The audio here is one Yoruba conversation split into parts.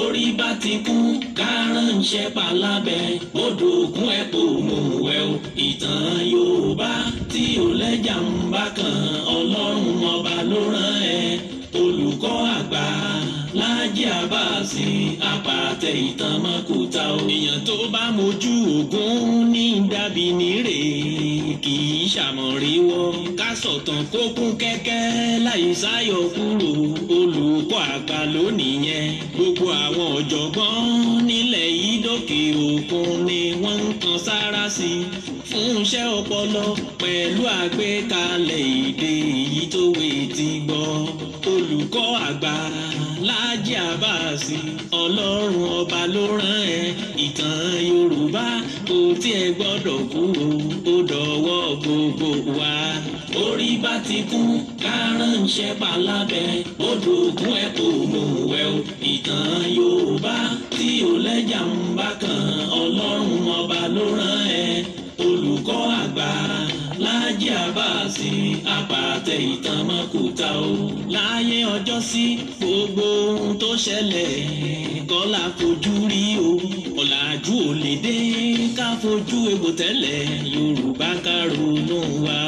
orí bá ti kú kárànṣẹ́ palábẹ́ odò òkun ẹ̀ kò mú wẹ̀ o ìtàn Yorùbá tí ò lẹ́jà ń bá kan Ọlọ́run ọba ló rán ẹ olùkọ́ àgbà. Láàjì Àbáàsì apàtẹ ìtàn mọ́kúta o. èèyàn tó bá mojú ogun ní dàbí nírè kì í ṣàmọ̀ríwọ́. ká sọ̀tàn kó kún kẹ́kẹ́ láì sáyọ kúrò olùkọ́ àgbà lónìyẹn. gbogbo àwọn ọ̀jọ̀gbọ́n nílẹ̀ yìí dókè òkun ni wọ́n ń kan sára sí i fún iṣẹ́ ọpọlọ pẹ̀lú àgbékalẹ̀ èdè èyí tó wé ti gbọ́ olùkọ́ àgbà. Alhaji Abbas ọlọ́run ọba ló rán ẹ ìtàn Yorùbá kò tiẹ̀ gbọ́dọ̀ kú o ó dọ̀wọ́ gbogbo wa. orí bá ti kú kárànṣẹ́ palábẹ́ odò ògùn ẹ̀ kò mú wẹ̀ o ìtàn Yorùbá tí ò lẹ́jà ń bá kan ọlọ́run ọba ló rán ẹ olùkọ́ àgbà. Láàjì Àbáàsì àpàtẹ ìtàn mọ́kúta o. Láyé ọjọ́ sí gbogbo ohun tó ṣẹlẹ̀ kọ́lá fojú rí o. Ọ̀làjú ò lè dé ká fojú egbò tẹ́lẹ̀ Yorùbá ká ronú wa.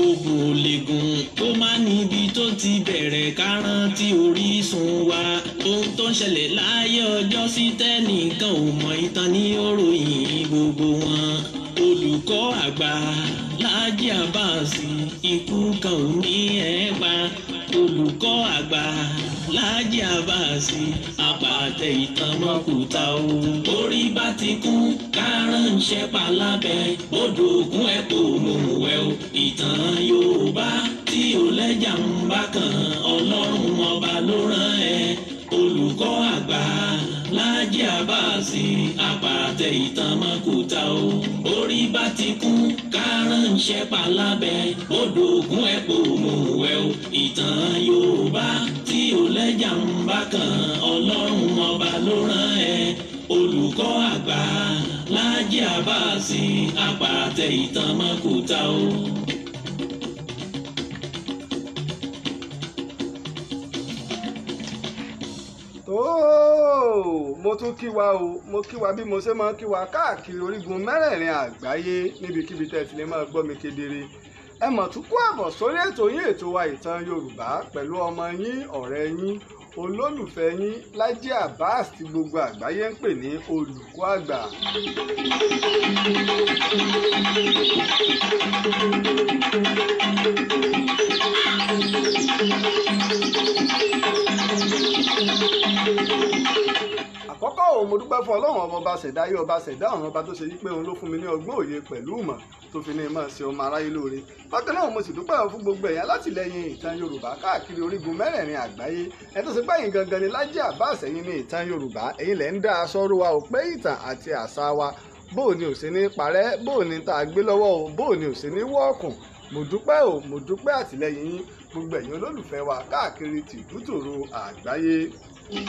Ògùn ò lè gùn ó má níbi tó ti bẹ̀rẹ̀ ká rántí orísun wa. Ohun tó ń ṣẹlẹ̀ láyé ọjọ́ sí tẹ́nìkan ò mọ ìtàn ní oròyìn gbogbo wọn olùkọ́ àgbà Láàjì Abbas ikú kan ò ní ẹ pa olùkọ́ àgbà Láàjì Abbas àpàtẹ ìtàn mọ́kùtà o. orí bá ti kú kárán ń ṣẹ́pà lábẹ́ odò òkun ẹ̀ kò mú wẹ̀ o. ìtàn Yorùbá tí ò lẹ́jà ń bá kan Ọlọ́run ọba ló rán ẹ olùkọ́ àgbà Láàjì Abbas àpàtẹ ìtàn mọ́kúta o orí bá ti kún kárànṣẹ́ palábẹ́ odò ògùn ẹ̀pọ̀ òmùwẹ̀ o ìtàn Yorùbá tí ò lẹ́jà ń bá kan Ọlọ́run ọba ló rán ẹ olùkọ́ àgbà Láàjì Abbas àpàtẹ ìtàn o. mo tún kí wa o mo kí wa bí mo ṣe máa ń kí wa káàkiri orígun mẹ́rẹ̀ẹ̀rin àgbáyé níbikíbi tẹ́ ti lè máa gbọ́ mi kedere ẹ mọ̀ tún kú àbọ̀ sórí ètò yín ètò wa ìtàn Yorùbá pẹ̀lú ọmọ yín ọ̀rẹ́ yín olólùfẹ́ yín Lájí Abbas tí gbogbo àgbáyé ń pè ní olùkọ́ àgbà àkọ́kọ́ òun mo dúpẹ́ fún ọlọ́run ọba ṣẹ̀dá ayé ọba ṣẹ̀dá ọ̀run ọba tó ṣe yí pé òun ló fún mi ní ọgbọ́n òye pẹ̀lú ìmọ̀ tó fi ní máa ṣe ọmọ aráyé lóore bákan náà mo sì dúpẹ́ fún gbogbo ẹ̀yàn látìlẹ́yìn ìtàn yorùbá káàkiri orígun mẹ́rẹ̀ẹ̀rin àgbáyé ẹ tó ṣe pẹ́yìn gangan ni Laji Abbas ẹ̀yin ní ìtàn yorùbá ẹ̀yin lẹ́ ń dá aṣọ ro wa òpé ìtàn àti àṣà wa bóò ni ò ṣe ní parẹ́ bóò tá a gbé lọ́wọ́ o bóò ni ò ṣe ní wọ́ọ̀kùn mo dúpẹ́ o mo dúpẹ́ àtìlẹ́yìn yín gbogbo ẹ̀yin olólùfẹ́ wa káàkiri tìdútòrò àgbáyé ṣẹ̀ṣẹ̀ ń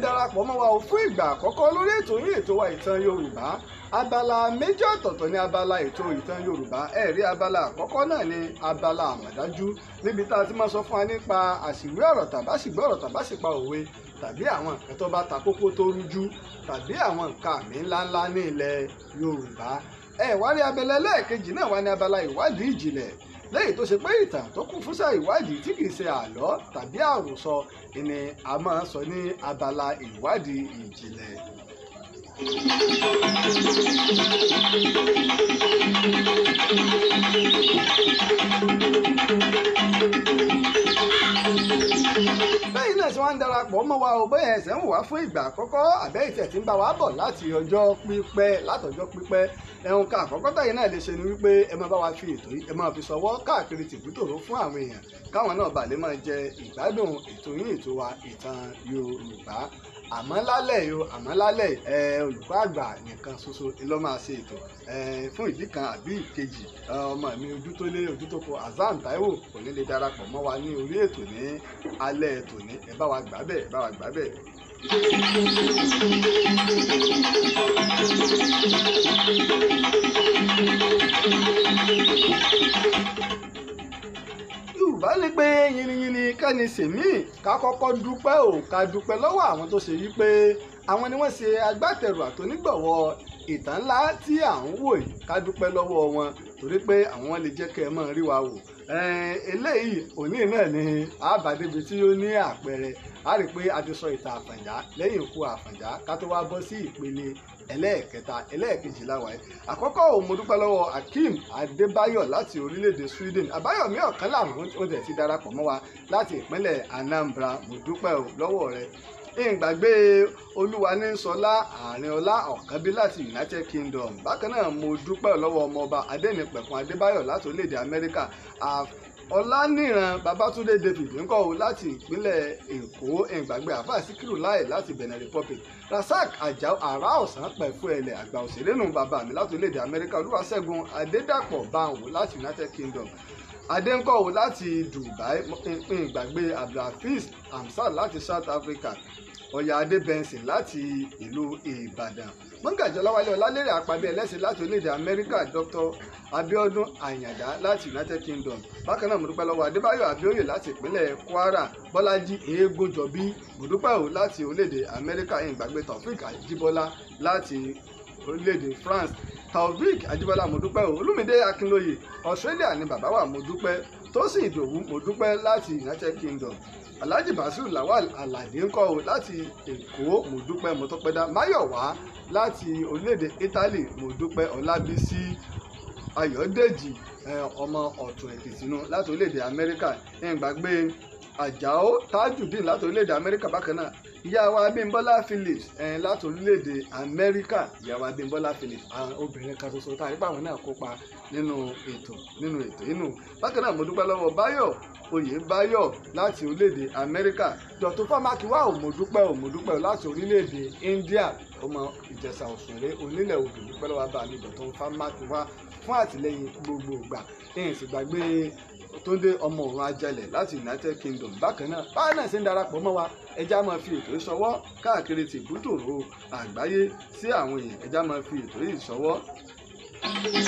darapọ̀ mọ́ wa ò fún ìgbà àkọ́kọ́ lórí ètò yín ètò wa ìtàn yorùbá abala méjì ọ̀tọ̀ọ̀tọ̀ ní abala ètò ìtàn yorùbá ẹ̀rí abala àkọ́kọ́ náà ni abala àmọ̀dájú níbi tá a ti máa sọ fún wa nípa àṣìwé ọ̀rọ̀ tàbáṣìgbé ọ̀rọ̀ tàbáṣìpa òwe tàbí àwọn nǹkan tó bá ta kókó tó rújú tàbí àwọn nǹkan àmì ńláńlá ní ilẹ̀ Yorùbá ẹ wá rí abẹ́lẹ́ lẹ́ẹ̀kejì náà wá ní abala ìwádìí ìjìnlẹ̀ lẹ́yìn tó ṣe pé ìtàn tó kún fúnṣà ìwádìí tí kì í ṣe àlọ́ tàbí àròsọ ni a máa sọ ní abala ìwádìí ìjìnlẹ̀. Thank ń darapọ̀ mọ́ wa o bóyá ẹsẹ̀ ń wá fún ìgbà àkọ́kọ́ àbẹ́ ìtẹ̀ tí ń bá wa bọ̀ láti ọjọ́ pípẹ́ látọjọ́ pípẹ́ ẹ̀hún ká àkọ́kọ́ táyé náà lè ṣe ni wípé ẹ máa bá wa fi ètò yìí ẹ máa fi sọwọ́ káàkiri tìbútòrò fún àwọn èèyàn káwọn náà bàlẹ́ máa jẹ ìgbádùn ètò yín ètò wa ìtàn Yorùbá àmọ́ lálẹ́ yìí o àmọ́ lálẹ́ yìí olùkọ́ àgbà nìkan ṣoṣo ló máa ṣe ètò fún ìdí kan àbí ìkejì ọmọ mi ojú tó lé ojú tó kọ Hasan Taiwo kò ní lè darapọ̀ mọ́ wa ní orí ètò ní alẹ́ ètò ní ẹ bá wa gbà bẹ́ẹ̀ ẹ bá wa gbà bẹ́ẹ̀ yorùbá ní pé yìnyínní kẹ́ni sèmí ká kọ́kọ́ dúpẹ́ ò ká dúpẹ́ lọ́wọ́ àwọn tó ṣe wípé àwọn ni wọ́n ṣe agbátẹrù àtònígbọ̀wọ́ ìtàn ńlá tí à ń wò yìí ká dúpẹ́ lọ́wọ́ wọn torí pé àwọn lè jẹ́ kẹ́ ẹ mọ́ rí wa wò eléyìí òní náà ni àbádébi tí ó ní àpẹẹrẹ a rí i pé a ti sọ ìtàn àfàǹdá lẹ́yìn ikú àfàǹdá ká tó wá bọ́ sí ìpele ẹlẹ́ẹ̀kẹta ẹlẹ́ẹ̀kejì láwa yìí àkọ́kọ́ òun mo dúpẹ́ lọ́wọ́ Akeem Adébáyọ̀ láti orílẹ̀-èdè Sweden àbáyọ̀mí ọ̀kan làwọn ó dẹ̀ ti darapọ̀ mọ́ wa láti ìpínlẹ̀ Anambra mo dúpẹ́ lọ́wọ́ rẹ ìgbàgbé olúwanísọlá àrínọlá ọ̀kánbí láti united kingdom bákan náà mo dúpẹ́ lọ́wọ́ ọmọọba adẹ́nipẹ̀kun adébáyọ̀ láti orílẹ̀-èdè amẹ́ríkà ọláníran babatunde david ńkọ́ o láti ìpínlẹ̀ èkó ẹ̀ǹgbàgbé àfáà síkírù láì láti benin republic rasaq ajao ara ọ̀sán pẹ̀fú ẹlẹ̀ àgbà òṣèré nù bàbá mi láti orílẹ̀-èdè amẹ́ríkà olúwaṣẹ́gun adédàpọ̀ báwo láti united kingdom adéńkọ́ o láti dubai ẹ̀ǹgbàgbé abdulhafiz hamsat láti south africa ọ̀yà adébẹ̀nsìn láti ìlú ìbàdàn mọ́gàjì ọláwálé ọlálérè àpàbí ẹlẹ́sìn láti orílẹ̀-èdè amẹ́ríkà dr abiodun àyàndá láti united kingdom bákan náà mo dúpẹ́ lọ́wọ́ adébáyọ̀ abíóyè láti ìpínlẹ̀ kwara bọ́lájí eégúnjọbí mo dúpẹ́ o láti orílẹ̀-èdè amẹ́ríkà ìgbàgbé taofik àjíbọ́lá láti orílẹ̀-èdè france taofik àjíbọ́lá mo dúpẹ́ o olúmídé akínlóye australia ni bàbá wa mo dúpẹ́ tósìn ìdòwú mo láti united kingdom alhaji basir lawal alade ńkọ́ o láti èkó mo dúpẹ́ mo láti orílẹ̀-èdè Italy Mọ́dúpẹ́ Ọlábísí Ayọ̀dèjì ọmọ ọ̀tún Ẹ̀kìtìnú láti orílẹ̀-èdè Amẹ́ríkà ẹ̀yìn gbàgbé Àjàó Tajudeen láti orílẹ̀-èdè Amẹ́ríkà bákan náà ìyá wa Abímbọ́lá Phillips ẹ̀yìn láti orílẹ̀-èdè Amẹ́ríkà ìyá wa Abímbọ́lá Phillips àwọn obìnrin kan ṣoṣo tá a rí pàwọn náà kópa nínú ètò nínú ètò inú bákan náà Mọ́dúpẹ́ lọ́wọ́ Báyọ̀ oyèbáyọ̀ láti orílẹ̀-èdè amẹ́ríkà dọ̀tún fámákiwá òmòdúpẹ́ òmòdúpẹ́ láti orílẹ̀-èdè india ọmọ ìjẹ̀ṣà òṣèré onílẹ̀ odò dúpẹ́lẹ́ wa bá mi dọ̀tún fámákiwá fún àtìlẹ́yìn gbogbo ìgbà ẹ̀yìn sì gbàgbé tóńdé ọmọ òun ajalẹ̀ láti united kingdom bákan náà báyìí náà ṣe ń darapọ̀ mọ́ wa ẹja máa fi ètò ìṣọwọ́ káàkiri tìbútòrò àgbáyé sí àwọn èèyàn ẹja máa fi ètò ìṣọwọ́ Thank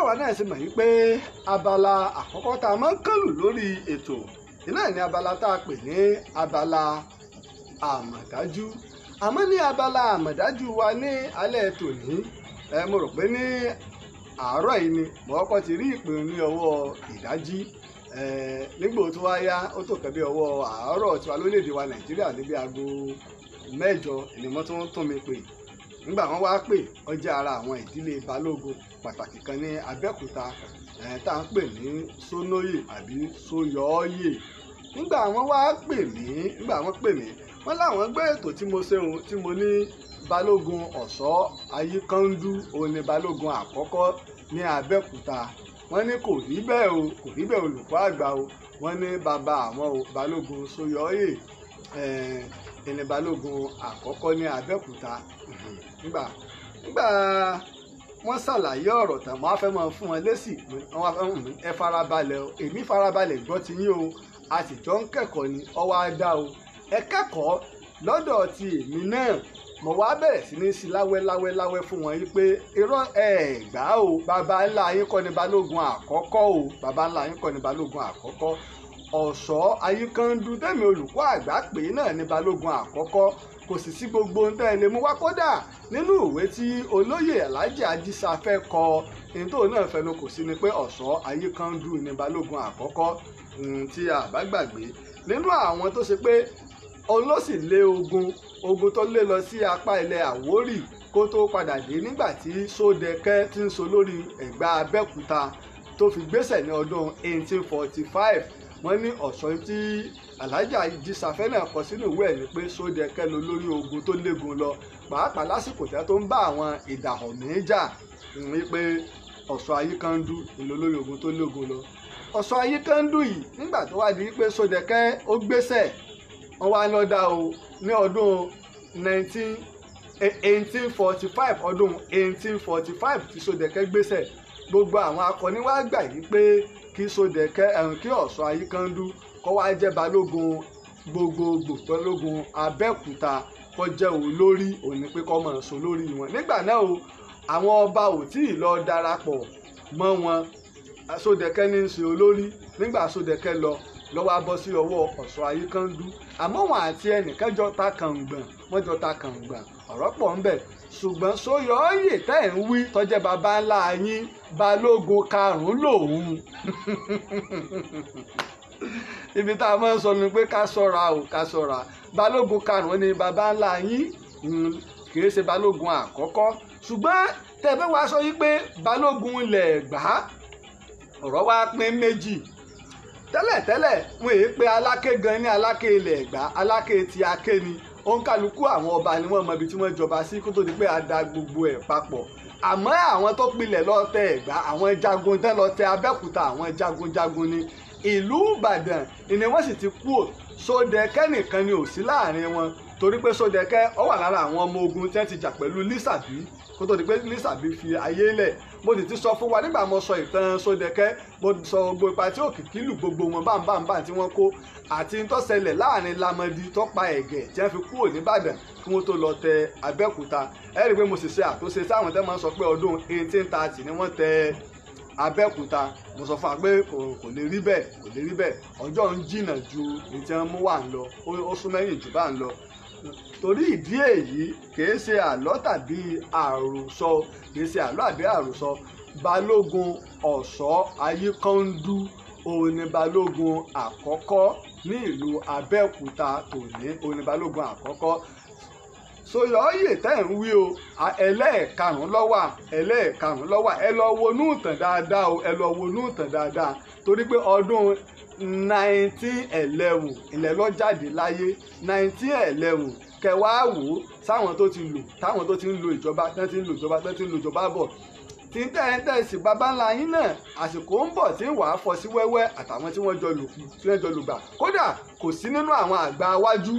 báwa náà ṣe mọ̀ yí pé abala àkọ́kọ́ tá a máa ń kọ́lù lórí ètò iná ní abala tá a pè ní abala àmọ̀dájú àmọ́ ní abala àmọ̀dájú wa ní alẹ́ tòní ẹ mo rò pé ní àárọ̀ yìí ni mo kọ́kọ́ ti rí ìpinnu ní ọwọ́ ìdájí tiwa lórílẹ̀‐èdè wa nàìjíríà níbi aago mẹ́jọ tún mi pè é nígbà wọn wá pè ó jẹ́ ara àwọn ìdílé balógun pàtàkì kan ní abẹ́òkúta eh, tá à ń pè ní sónóyè àbí sóyọ́ọ́yè nígbà wọn wá pè mí nígbà wọn pè mí wọn láwọn gbé ètò tí mo ṣe ohun tí mo ní balógun ọ̀ṣọ́ ayíkándú òun ni balógun àkọ́kọ́ ní abẹ́òkúta wọ́n ní kò rí bẹ́ẹ̀ o kò rí bẹ́ẹ̀ olùkọ́ àgbà o wọ́n ní bàbá àwọn o balógun sóyọ́ọ́yè ẹni eh, balógun àkọ́kọ́ ní abẹ́òkúta nígbà nígbà wọ́n ṣàlàyé ọ̀rọ̀ tán wọ́n á fẹ́ máa fún wọn lésì wọ́n á fẹ́ hùn mí ẹ farabalẹ̀ o èmi farabalẹ̀ gbọ́ ti yín o a sì jọ ń kẹ́kọ̀ọ́ ni ọwọ́ á o ẹ kẹ́kọ̀ọ́ lọ́dọ̀ ti èmi náà mo wá bẹ̀rẹ̀ sí ní sí láwẹ́láwẹ́ láwẹ́ fún wọn yìí pé irọ́ ẹ̀ gbà o bàbá ńlá yín kọ́ ni balógun àkọ́kọ́ o bàbá ńlá yín kọ́ ni balógun àkọ́kọ́ ọ̀ṣọ́ ayíkandu tẹ̀mí olùkọ́ àgbà pé náà ni balógun àkọ́kọ́ kò sì sí gbogbo ohun tẹ́ ẹ lè mú wá kódà nínú ìwé tí olóyè alhaji ajisa fẹ́ kọ ní tóun náà fẹnu kò sí ni pé ọ̀ṣọ́ ayé kan dùn ní balógun àkọ́kọ́ tí a bá gbàgbé nínú àwọn tó ṣe pé òun lé ogun ogun tó lé lọ sí apá ilẹ̀ àwórì kó tó padà dé nígbà tí sódẹkẹ ti ń so lórí ẹ̀gbá abẹ́òkúta tó fi gbésẹ̀ ní ọdún 1845 wọ́n ní ọ̀ṣọ́ tí alájà ìjìsàfẹ́ náà kọ sínú ìwé ẹ̀ ní pé sódẹ̀kẹ́ ló lórí ogun tó légun lọ pàápàá lásìkò tẹ́ tó ń bá àwọn ìdàhọ̀mí jà ìrìn pé ọ̀ṣọ́ ayíkandú ìlú lórí ogun tó légun lọ ọ̀ṣọ́ ayíkandú yìí nígbà tó wá di pé sódẹ̀kẹ́ ó gbéṣẹ̀ wọn wá lọ́dà o ní ọdún 19 1845 ọdún 1845 tí sódẹ̀kẹ́ gbéṣẹ̀ gbogbo àwọn akọni wá gbà yí pé kí sódẹ̀kẹ́ ẹ̀rùn kí ọ̀ṣọ́ ayíkandú kó wá jẹ́ balógun gbogbogbò balógun abẹ́òkúta kó jẹ́ olórí òní pé kó mọ̀ sọ lórí wọn nígbà náà o àwọn ọba ò tí ì lọ darapọ̀ mọ́ wọn sódẹ̀kẹ́ ní í ṣe olórí nígbà sódẹ̀kẹ́ lọ lọ́wọ́ abọ́ sí ọwọ́ ọ̀ṣọ́ ayíkándú àmọ́ wọn àti ẹnìkan jọ ta kàngbọ̀n wọ́n jọ ta kàngbọ̀n ọ̀rọ̀ pọ̀ ń bẹ ṣùgbọ́n sóyọ òye tẹ́ ẹ̀ ń wí tọ́jẹ́ baba ńlá yín balógun karùn-ún lòun. ibi tá a máa ń sọ ni pé ká ṣọ́ra o ká ṣọ́ra balógun karùn-ún ni bàbá ńlá yín hmm, kì í ṣe balógun àkọ́kọ́ ṣùgbọ́n tẹ̀fẹ́ wàá sọ yí pé balógun ilẹ̀ gbà á ọ̀rọ̀ wá pín méjì tẹ́lẹ̀tẹ́lẹ̀ wọn èyí pé aláké gan ní aláké ilẹ̀ ẹ̀gbá aláké ti aké ni òǹkàlùkù àwọn ọba ni wọ́n mọ ibi tí wọ́n jọba sí kó tó di pé a da gbogbo ẹ̀ papọ̀ àmọ́ àwọn tó pilẹ̀ lọ́tẹ̀ ẹ̀gbá àwọn jagun tẹ́ lọ́tẹ̀ abẹ́kúta àwọn jagunjagun ni ìlú ìbàdàn ni wọ́n sì ti kú ò sódẹ̀kẹ́ nìkan ni ò sí láàrin wọn torí pé sódẹ̀kẹ́ ọ wà lára àwọn ọmọ ogun tí wọ́n ti jà pẹ̀lú lísàbí kó tó di pé lísàbí fi ayé lẹ̀ mo sì ti sọ fún wa nígbà mo sọ ìtàn sódẹ̀kẹ́ mo sọ gbogbo ipa tí òkìkí lù gbogbo wọn bámbámbá tí wọ́n kó àti ń tó ṣẹlẹ̀ láàrin lamọdi tó pa ẹ̀gẹ̀ tí wọ́n fi kúrò nìbàdàn kí wọ́n tó lọ tẹ abẹ́òkúta ẹ rí i pé mo sì ṣe àtúnṣe sáwọn tẹ́ máa ń sọ pé ọdún eighteen thirty ni wọ́n tẹ abẹ́òkúta mo sọ fún wa pé kò lè rí bẹ́ẹ̀ kò lè rí bẹ́ẹ̀ ọjọ́ ń jìnnà ju ìtẹ́ ń mú wà ń lọ ó sún mẹ́yìn jù bá ń lọ torí ìdí èyí kìí ṣe àlọ́ tàbí àròsọ kìí ṣe àlọ́ àbí àròsọ balógun ọ̀ṣọ́ ayíkọ́ńdú òun ni balógun àkọ́kọ́ ní ìlú abẹ́òkúta tòní òun ni balógun àkọ́kọ́ sọyọ́yè tẹ́ ń wí o ẹlẹ́ẹ̀karùn-ún lọ́wà ẹlẹ́ẹ̀karùn-ún lọ́wà ẹ lọ wonú ìtàn dáadáa o ẹ lọ wonú ìtàn dáadáa torí pé ọdún 1911 ilẹ̀ lọ jáde láyé 1911 kẹwàá wò ó sáwọn tó ti lò táwọn tó ti ń lo ìjọba tán ti ń lo ìjọba tán ti ń lo ìjọba bọ̀ tí tẹ́ẹ̀tẹ́sì bàbá ńlá yín náà àsìkò ń bọ̀ tí ń wàá fọ sí wẹ́wẹ́ àtàwọn tí wọ́n jọ lò kú tí wọ́n jọ lò gbà kódà kò sí nínú àwọn àgbà wájú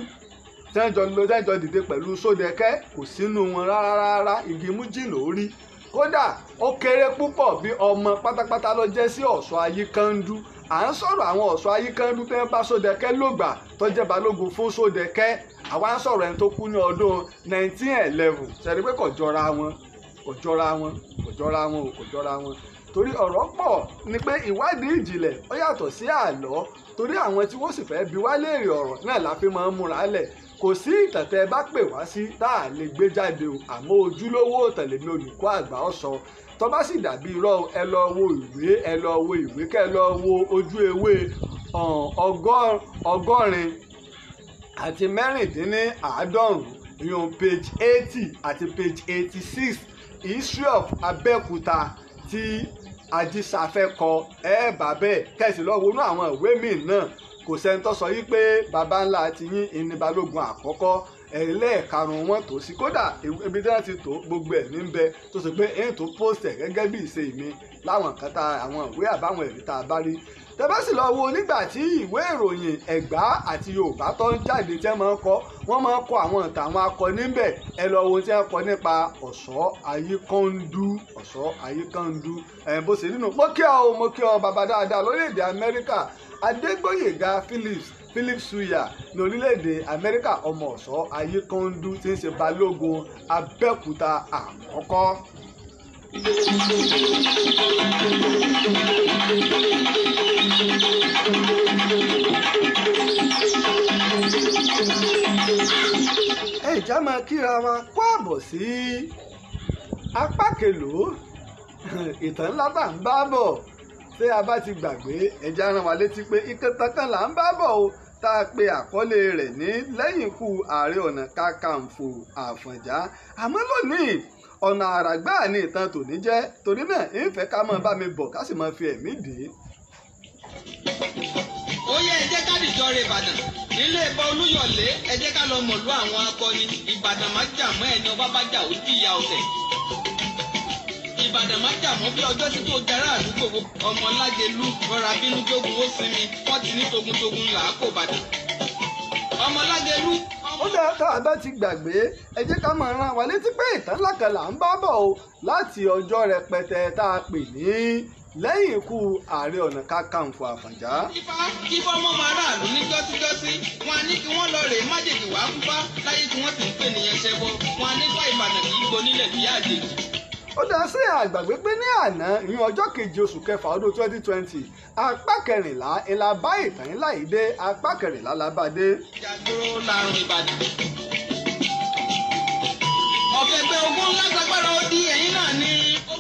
tẹ́jọ lọ tẹ́jọ dìde pẹ̀lú sódẹ́kẹ́ kò sínú wọn rárá rárá igi mújì lórí kódà ó kéré púpọ̀ bí ọmọ pátápátá ló jẹ́ sí ọ̀ṣọ́ ayíkandú à ń sọ̀rọ̀ àwọn ọ̀ṣọ́ ayíkandú tẹ́ ń bá sódẹ́kẹ́ lògbà tó jẹ́ balógun fún sódẹ́kẹ́ àwa ń sọ̀rọ̀ ẹni tó kú ní ọdún 1911 ṣẹ̀rí pé kò jọra wọn kò jọra wọn kò jọra wọn kò jọra wọn torí ọ̀rọ̀ pọ̀ ni pé ìwádìí ìjìnlẹ̀ ó yàtọ̀ sí àlọ́ torí àwọn tí wọ́n sì fẹ́ bi wá léèrè ọ̀rọ̀ náà la máa ń múra lẹ̀ kò sí ìtàn tẹ́ ẹ bá pè wá sí tá a lè gbé jáde o àmọ́ ojúlówó ìtàn lèmi olùkọ́ àgbà ó sọ tó bá sì dàbí irọ́ ẹ lọ wo ìwé ẹ lọ wo ìwé kẹ́ ẹ lọ wo ojú ewé ọgọ́rin àti mẹ́rìndínláàádọ́rùn-ún ìyọ̀n page eighty àti page eighty six history of Abẹ́òkúta ti Ajísáfẹ́ kọ ẹ bàbẹ́ kẹ̀sì lọ wọnú àwọn ìwé míì náà kò sẹ́ni tó sọ yí pé baba ńlá ti yín ìní balógun àkọ́kọ́ ẹ̀yìn lẹ́ẹ̀karùn-ún wọn tò sí kódà ibi tí wọ́n ti tò gbogbo ẹ̀ níbẹ̀ tó sọ pé èyí tó post ẹ̀ gẹ́gẹ́ bí ìṣe mi láwọn kan tá àwọn ìwé àbáwọn ẹ̀rí tá a bá rí tẹ́bẹ́sì lọ wo nígbà tí ìwé ìròyìn ẹ̀gbá àti yorùbá tó ń jáde tẹ́ máa ń kọ wọ́n máa ń kọ àwọn ìtàn àwọn akọ níbẹ̀ ẹ lọ wo tí wọ́n kọ nípa ọ̀ṣọ́ ayíkọ́ńdú ọ̀ṣọ́ ayíkọ́ńdú ẹ̀ bó ṣe nínú mo kí ọ mo kí ọ bàbá dáadáa lórílẹ̀‐èdè adégbòyèga phillips phillips suya ní orílẹ̀-èdè amẹ́ríkà ọmọ ọ̀ṣọ́ ayékọ́ńdú tí ń ṣe balógun abẹ́òkúta àkọ́kọ́. ẹ̀já máa kíra wa kó àbọ̀ sí apá kèlò ìtàn ńlá tá ń bá bọ̀ tẹ́ a bá ti gbàgbé ẹja rán wa létí pé ìkẹtàn kan là ń bá bọ̀ o tá a pe àkọlé rẹ̀ ní lẹ́yìn ikú ààrẹ ọ̀nà kàkàǹfò àfọ̀njá àmọ́ lónìí ọ̀nà àràgbà ni ìtàn tòní jẹ́ torí náà ìfẹ́ ká máa bá mi bọ̀ ká sì máa fi ẹ̀mí dè é. ó yẹ ẹ jẹ́ ká dìjọ rẹ ìbàdàn nílé ẹ̀bọ olúyọ̀lé ẹ jẹ́ ká lọ mọ̀lú àwọn akọni ìbàdàn má jà mọ́ ẹni ọba bá jà ó ìbàdàn má jàmọ́ bí ọjọ́ tí tó jara àdúgbò ọmọ lágẹlú rọra bínú jogun ó sinmi wọ́n ti ní togun-togun là á kò bàdàn ọmọ lágẹlú. ó dáa tá a ti gbàgbé ẹ jẹ́ ká máa rán wa létí pé ìtàn ńlá kan là ń bá bọ̀ o láti ọjọ́ rẹpẹtẹ tá a pè ní lẹ́yìn ikú ààrẹ ọ̀nà kakanfò àfọ̀njá. ifá kí fọmọ aráàlú ní jọ́síjọ́sí wọn ní kí wọ́n lọ rèé májèjì wá kúpa láyé tí wọ́n sì ń pè nìyẹn ṣẹbọ wọn ní bá ìbàdàn kì í gbónílẹ̀ àjèjì ó dá sí àgbàgbé pé ní àná ní ọjọ́ kejì oṣù kẹfà ọdún twenty twenty apá kẹrìnlá ńlá bá ìtàn ńlá apá kẹrìnlá la bá dé. ìbàdàn ọ̀kẹ́gbẹ́ ogun lágbàgbára ó di ẹ̀yìn náà ni.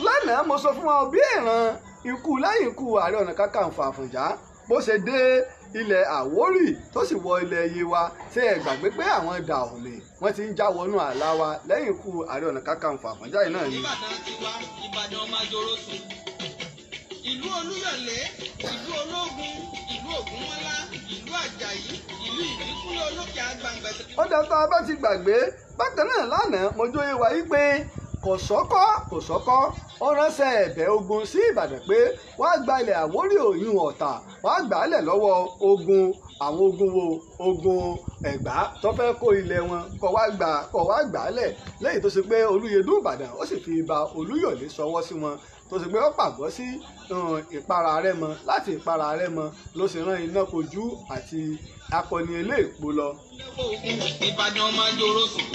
lánàá mo sọ fún wa bí ìran ikú lẹ́yìn ikú ààrẹ ọ̀nà kakanfò àfọ̀njá bó ṣe dé ilẹ̀ àwórì tó sì wọ ilẹ̀ yewa ṣé ẹ gbàgbé pé àwọn dàòlè wọ́n ti ń já wọnú àlá wa lẹ́yìn ikú ààrẹ ọ̀nà kakanfò àfọ̀njáde náà ni. ìbàdàn ti wá ìbàdàn máa jọrọ sùn ìlú olúyọ̀lé ìlú ológun ìlú ògúnmọ́lá ìlú àjàyí ìlú ìbíkúlẹ̀ olókè àgbàǹgbà. ó dàtà bá ti gbàgbé bákan náà lánàá mo jóye kò sọ́kọ́ kò sọ́kọ́ ó ránṣẹ́ ẹ̀bẹ̀ ogun sí ìbàdàn pé wàá gba ilẹ̀ àwórí òyìn ọ̀tà wàá gbà á lẹ̀ lọ́wọ́ ogun àwọn ogun wo ogun ẹ̀gbá tó fẹ́ kó ilẹ̀ wọn kó wá gbà kó wá gbà á lẹ̀ lẹ́yìn tó ṣe pé olúyẹdùn ìbàdàn ó sì fi ba olúyọ̀lé ṣọwọ́ sí wọn tó sì pé ó pàgọ́ sí hm, ìpara Rẹ́mọ láti ìpara Rẹ́mọ ló sì rán iná kojú àti akọni eléèpo lọ. ìbàdàn máa jòrò sùn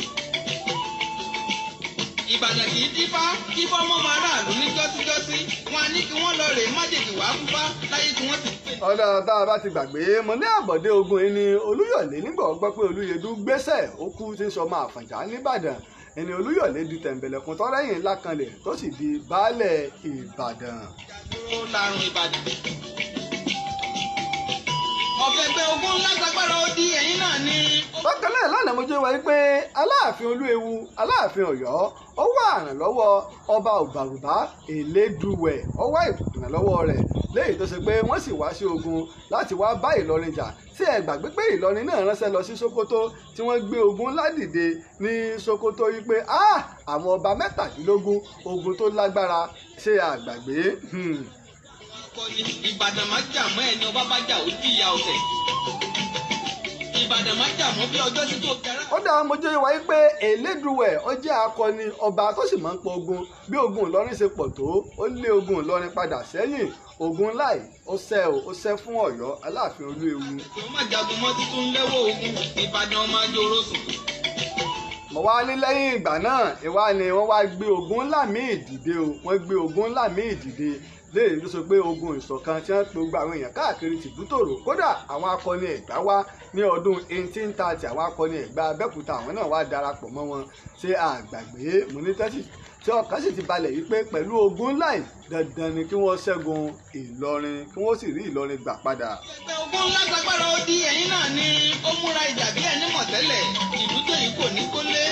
ìbàdàn kì í dífá kí fọ́mọ́mọ́ aráàlú ní jọ́síjọ́sí wọn a ní kí wọ́n lọ rè májèlé wá fúnfá láyé tí wọ́n ti pè. ọ̀dà tá a bá ti gbàgbé mo ní àbọ̀dé ogun yìí olúyọ̀lé nígbà ọgbọ́n pé olúyẹdú gbéṣẹ́ ó kú sí sọmọ àfàǹjà nìbàdàn ẹni olúyọ̀lé di tẹ̀m̀bẹ̀lẹ̀kùn tọ́rẹ́yìn ńlá kanlẹ̀ tó sì di baálẹ̀ ìbàdàn. ogun lágbàgbára ó di ẹ̀yìn náà ni. bákan náà lánàá mo jẹ́ wáyé pé aláàfin olúewu aláàfin ọ̀yọ́ ọwọ́ àrànlọ́wọ́ ọba òbàrùbá elédùwẹ̀ ọwọ́ ìrànlọ́wọ́ rẹ̀ léyìí tó ṣe pé wọ́n sì wá sí ogun láti wá bá ìlọrin jà tí ẹ gbàgbé pé ìlọrin náà ránṣẹ́ lọ sí sokoto tí wọ́n gbé ogun ládìde ní sokoto yìí pé ah, àwọn ọba mẹ́tàdínlógún ogun tó lágbára ṣe àgbàgbé hmm. ìbàdàn má jà mọ́ ẹni ọba bá jà ó jìyà ọ̀tẹ̀ ìbàdàn má jà mọ́ bí ọjọ́ sí tó kẹrẹ. ó dáa mo jẹ́ wáyé pé Elédùwẹ̀ ó akọni ọba tó sì máa ń pọ ogun bí ogun Ìlọrin ṣe pọ̀ tó ó lé ogun Ìlọrin padà sẹ́yìn ogun láì ó ṣẹ́ o ó ṣẹ́ fún Ọ̀yọ́ Aláàfin Olúewu. ìwọ́n mo wá ní lẹ́yìn ìgbà náà ìwá ni wọ́n wá gbé ogun ńlá míì dìde o wọ́n gbé ogun ńlá míì dìde léyìí ló sọ pé ogun ìṣọ̀kan tí wọ́n pe gbogbo àwọn èèyàn káàkiri tìlú tòrò kódà àwọn akọni ẹ̀gbá wá ní ọdún 1830 àwọn akọni ẹ̀gbá abẹ́kúta àwọn náà wá darapọ̀ mọ́ wọn ṣé àgbàgbé mo tí ọkàn sì ti balẹ̀ wípé pẹ̀lú ogun ńlá yìí dandan ni kí wọ́n ṣẹ́gun Ìlọrin kí wọ́n sì rí Ìlọrin gbà padà. ẹgbẹ́ ogun ńlá gbàgbára ó di ẹ̀yìn náà ni ó múra ìjà bí ẹni mọ̀ tẹ́lẹ̀ ìlú tèyí kò ní kó lé.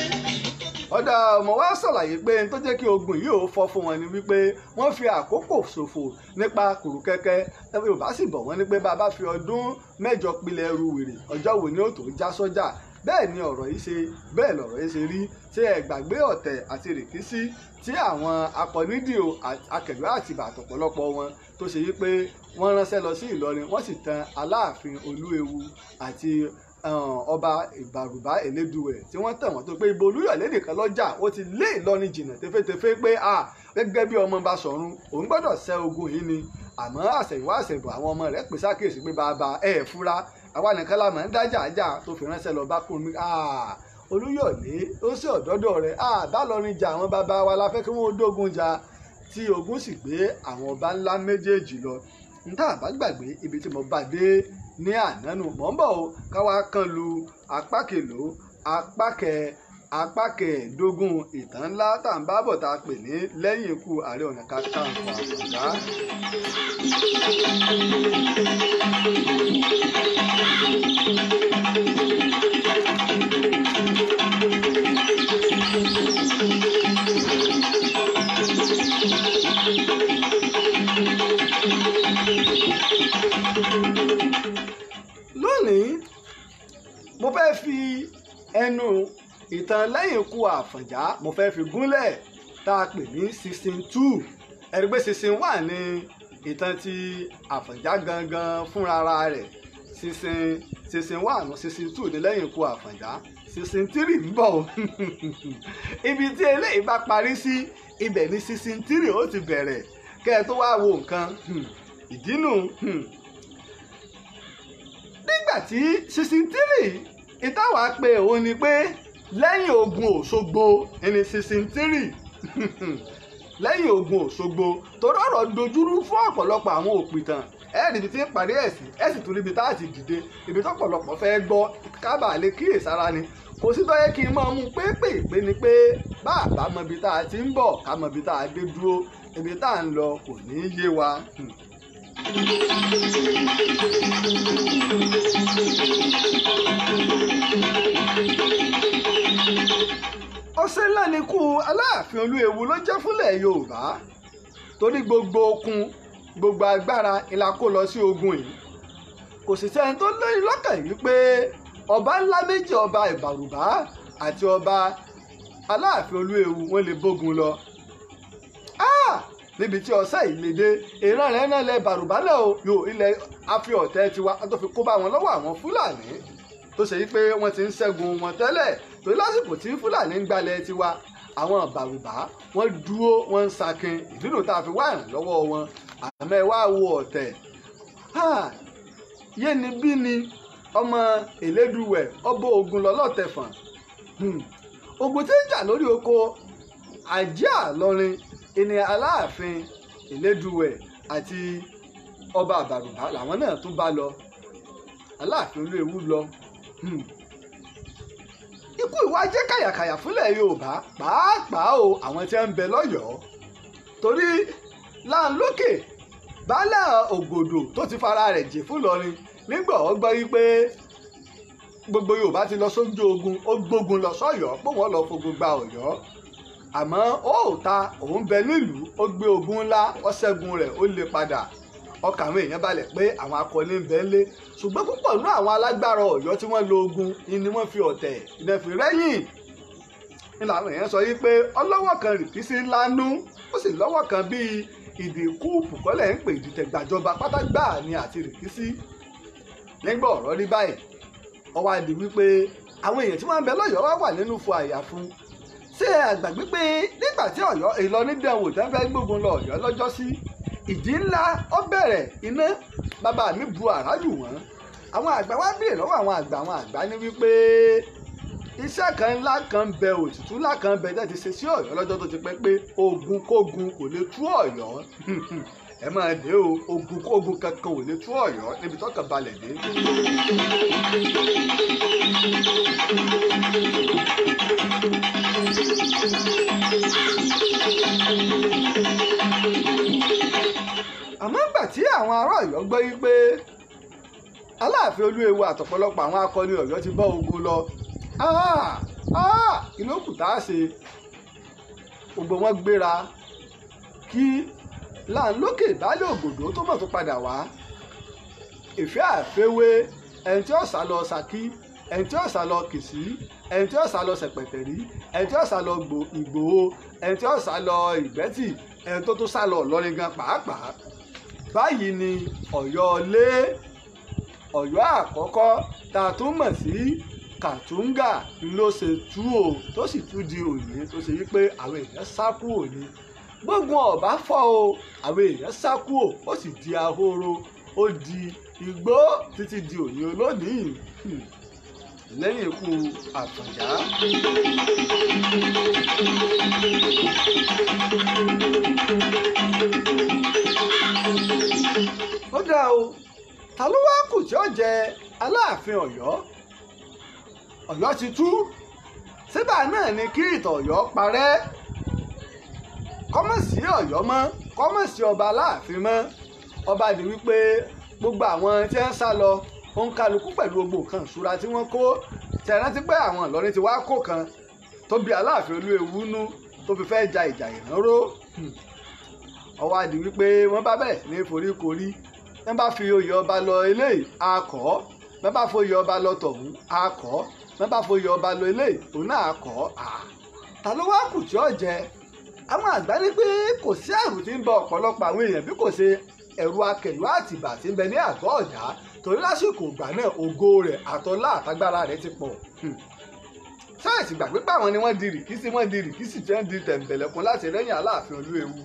ọ̀dà ọmọ wa ṣàlàyé pé n tó jẹ́ kí ogun yìí ò fọ́ fún wọn ni wípé wọ́n fi àkókò ṣòfò nípa kùrùkẹ́kẹ́ Yorùbá sì bọ̀ wọ́n ní pé bàbá fi ọdún mẹ́jọ pilẹ̀ ẹrù wèrè ọjọ́ wo ni ó tó já sọ́jà bẹ́ẹ̀ ni ọ̀rọ̀ yìí ṣe bẹ́ẹ̀ lọ̀rọ̀ yìí ṣe rí ṣé ẹ gbàgbé ọ̀tẹ̀ àti rìkísí tí àwọn akọnídìó akẹ̀gbẹ́ àti bàtọ̀ ọ̀pọ̀lọpọ̀ wọn tó ṣe wípé wọ́n ránṣẹ́ lọ sí Ìlọrin wọ́n sì tan Aláàfin Olúewu àti ọba ìbàrùbá Elédùwẹ̀ tí wọ́n tàn wọ́n tó pé ibo Olúyọ̀lé nìkan lọ́jà ó ti lé Ìlọrin jìnnà tẹfẹ́tẹfẹ́ pé a gẹ́gẹ́ bí ọmọ Baṣọ̀run òun gbọ́dọ̀ ṣẹ́ ogun yìí ni àmọ́ àṣẹ̀yìnwá àṣẹ̀bọ̀ àwọn ọmọ rẹ̀ pèsè àkíyèsí pé bàbá ẹ̀ fura àwa nìkan la mọ̀ ń dájà ájà tó fi ránṣẹ́ lọ bá kú mi olúyọ̀lé ó sì ọ̀dọ́dọ̀ rẹ̀ bá lọrin jà àwọn bàbá wa la fẹ́ kí wọ́n dógun jà tí ogun sì gbé àwọn ọba ńlá méjèèjì lọ níta àbá gbàgbé ibi tí mo bá dé ní ànánu mọ̀ ń bọ̀ o káwa kan lu apá kèlò apá kẹ apá kẹẹ̀ẹ́dógún ìtàn ńlá tá à ń bá bọ̀ tá a pè ní lẹ́yìn ikú ààrẹ ọ̀nà kakanfò àkùdá. Thank you. ìtàn lẹ́yìn ikú àfọ̀njá mo fẹ́ fi gúnlẹ̀ tá a pè ní season two ẹ̀rí pé season one ni ìtàn ti àfọ̀njá gangan fúnra rẹ̀ sixteen sixteen one sixteen two ni lẹ́yìn ikú àfọ̀njá sixteen three ń bọ̀ ibi tí eléyìí bá parí sí ibẹ̀ ni season three ó ti bẹ̀rẹ̀ kẹ́ ẹ tó wá wo nǹkan hmm, ìdínú hmm. nígbà tí season three ìtawà pé òun ni pé lẹ́yìn ogun òṣogbo ẹni sísìn tírì lẹ́yìn ogun òṣogbo torí ọ̀rọ̀ dojúrú fún ọ̀pọ̀lọpọ̀ àwọn òpìtàn ẹ níbi tí ń parí ẹ̀sìn ẹ sì tún níbi tá a ti dìde ibi tọ́pọ̀lọpọ̀ fẹ́ gbọ́ kábà lè kíyèsára ni kò sí tọ́yẹ kí n máa mú pépèpé ni pé bàbá mọbi tá a ti ń bọ̀ ká mọbi tá a dé dúró ibi tá à ń lọ kò ní í yé wa. Hmm ọ̀sẹ̀ ńlá ni kú aláàfin olúewu ló jẹ́ fúnlẹ̀ yorùbá torí gbogbo okun gbogbo agbára ńlá kó lọ sí ogun yìí kò sì sẹ́ni tó lórí lọ́kàn yìí pé ọba ńlá méjì ọba ìbàrùbá àti ọba aláàfin olúewu wọ́n lè bógun lọ. Ah! níbi tí ọ̀sẹ̀ yìí lè dé ìran rẹ̀ náà lẹ bàrùbálẹ̀ o yóò ilẹ̀ afi ọ̀tẹ̀ tiwa tó fi kó bá wọn lọ́wọ́ àwọn fúlàní tó ṣe wípé wọ́n ti ń ṣẹ́gun wọn tẹ́lẹ̀ torí lásìkò tí fúlàní ń gbalẹ̀ tiwa àwọn bàrùbá wọ́n dúró wọ́n ń sakin ìdúró tá a fi wá ìrànlọ́wọ́ wọn àmọ́ ẹ wá wo ọ̀tẹ̀ yéni bí ni ọmọ Ẹlẹ́dùwẹ̀ ọbọ ogun lọ́lọ́tẹ̀fọ̀n hmm. ogun tí ń jà lórí oko àjẹ́ àlọrin ènìyàn aláàfin elédùwẹ̀ àti ọba àbàrùbá làwọn náà tún bá lọ aláàfin olóewu lọ hmm. ikú ìwà jẹ́ kàyàkàyà fúnlẹ̀ yorùbá pàápàá o àwọn tí ń bẹ lọ́yọ̀ọ́ torí láńlókè baálé ògbòdò tó ti fara rẹ̀ jì fún lọrin nígbà ó gbọ́ wípé gbogbo yorùbá ti lọ sójú ogun ó gbógun lọ sọ́yọ́ pé wọ́n lọ fogun gba ọ̀yọ́ àmọ́ òòta òun bẹ nílùú ó gbé ogun ńlá ọ̀ṣẹ́gun rẹ̀ ó lè padà ọkàn àwọn èèyàn balẹ̀ pé àwọn akọni ń bẹ ńlé ṣùgbọ́n púpọ̀ nínú àwọn alágbára ọ̀yọ́ tí wọ́n lo ogun ni wọ́n fi ọ̀tẹ̀ ìdẹ fi rẹ́yìn ni làwọn èèyàn sọ yìí pé ọlọ́wọ́ kan rìkísí ńlá nú ó sì lọ́wọ́ kan bíi ìdìkúùpù kọ́lẹ̀ ń pè ìdìtẹ̀gbàjọba pátágbà ni àti rìkísí nígbà ọ̀rọ̀ rí báyìí ó wá wípé àwọn èèyàn tí wọ́n ń bẹ lọ́yọ̀ọ́ wà nínú fún àyàfún ṣé ẹ gbàgbé pé nígbà tí Ọ̀yọ́ Ìlọrin dẹwò tán fẹ́ gbógun lọ Ọ̀yọ́ lọ́jọ́ sí ìjì ńlá ó bẹ̀rẹ̀ iná bàbá mi bu àràjù wọn àwọn àgbà wá bèèrè lọ́wọ́ àwọn àgbà àwọn àgbà ní wípé iṣẹ́ kan ńlá kan bẹ òtítù ńlá kan bẹ jáde ṣe sí Ọ̀yọ́ lọ́jọ́ tó ti pẹ́ pé ogun kógun kò lè tú Ọ̀yọ́ ẹ máa dé o ogun kógun kankan ò lè tú Ọ̀yọ́ níbi tọ́kàn balẹ̀ dé. thank you àmọ́ gbà tí àwọn ará ọ̀yọ́ gbọ́ yí pé aláàfin olúewu àtọ̀pọ̀lọpọ̀ àwọn akọni ọ̀yọ́ ti bá ogun lọ kí ló kù tá a ṣe gbogbo wọn gbéra kí láńlókè ìbálẹ̀ ògòdó tó mọ̀ tó padà wá ìfẹ́ àfẹ́wé ẹni tí ó sá lọ Ṣakí ẹni tí ó sá lọ kìsí ẹni tí ó sá lọ sẹ̀pẹ̀tẹ̀rí ẹni tí ó sá lọ ìgbòho ẹni tí ó sá lọ ìgbẹ́tì ẹni tó tún sá lọ ọ̀lọ́rin gan pàápàá báyìí ni ọ̀yọ́ lé ọ̀yọ́ àkọ́kọ́ tá a tún mọ̀ sí kàtúngà ló ṣe tú o tó sì tú di òní tó ṣe wípé àwọn èèyàn sá kúrò ní gbogbo ọ̀bá fọ́ o àwọn èèyàn sá kúrò ó sì di ahoro ó di igbó títí di òní olónìí. Hmm lẹ́yìn ikú Àfọ̀njá. ó dáa o ta ló wá kù tí ó jẹ Aláàfin Ọ̀yọ́ Ọ̀yọ́ ti tú síbà náà ni kí ìtàn Ọ̀yọ́ parẹ́ kọ́mọ̀sí Ọ̀yọ́ mọ́ kọ́mọ̀sí ọba Aláàfin mọ́ ọba di wípé gbogbo àwọn tí ń sá lọ òun kálukú pẹ̀lú gbogbo nǹkan ìṣúra tí wọ́n kó tẹ̀rántí pé àwọn Ìlọrin ti wá kó kan tó bí Aláàfin Olúewu nú tó fi fẹ́ ja ìjà ìrànró ó wá wípé wọ́n bá bẹ̀ ní foríkorí wọ́n bá fi oyè ọba lọ eléyìí akọ́ wọ́n bá foyè ọba lọ tọ̀hún akọ́ wọ́n bá foyè ọba lọ eléyìí òun náà akọ́ à ta ló wá kù tí ó jẹ àwọn àgbà ní pé kò sí àrùn tí ń bọ ọ̀pọ̀lọpọ̀ àwọn èèyàn bí kò ṣe ẹ̀rù akẹ̀lú àtìbà tí ń bẹ ní àgọ́ ọ̀dà torí lásìkò ìgbà náà ògo rẹ̀ àtọlá àtagbára rẹ̀ ti pọ̀ sáyẹ̀sì hmm. gbàgbé pàwọn ni wọ́n di rìkísí wọ́n di rìkísí tí wọ́n di tẹ̀m̀bẹ̀lẹ̀kun láti rẹ́yìn aláàfin olúwewu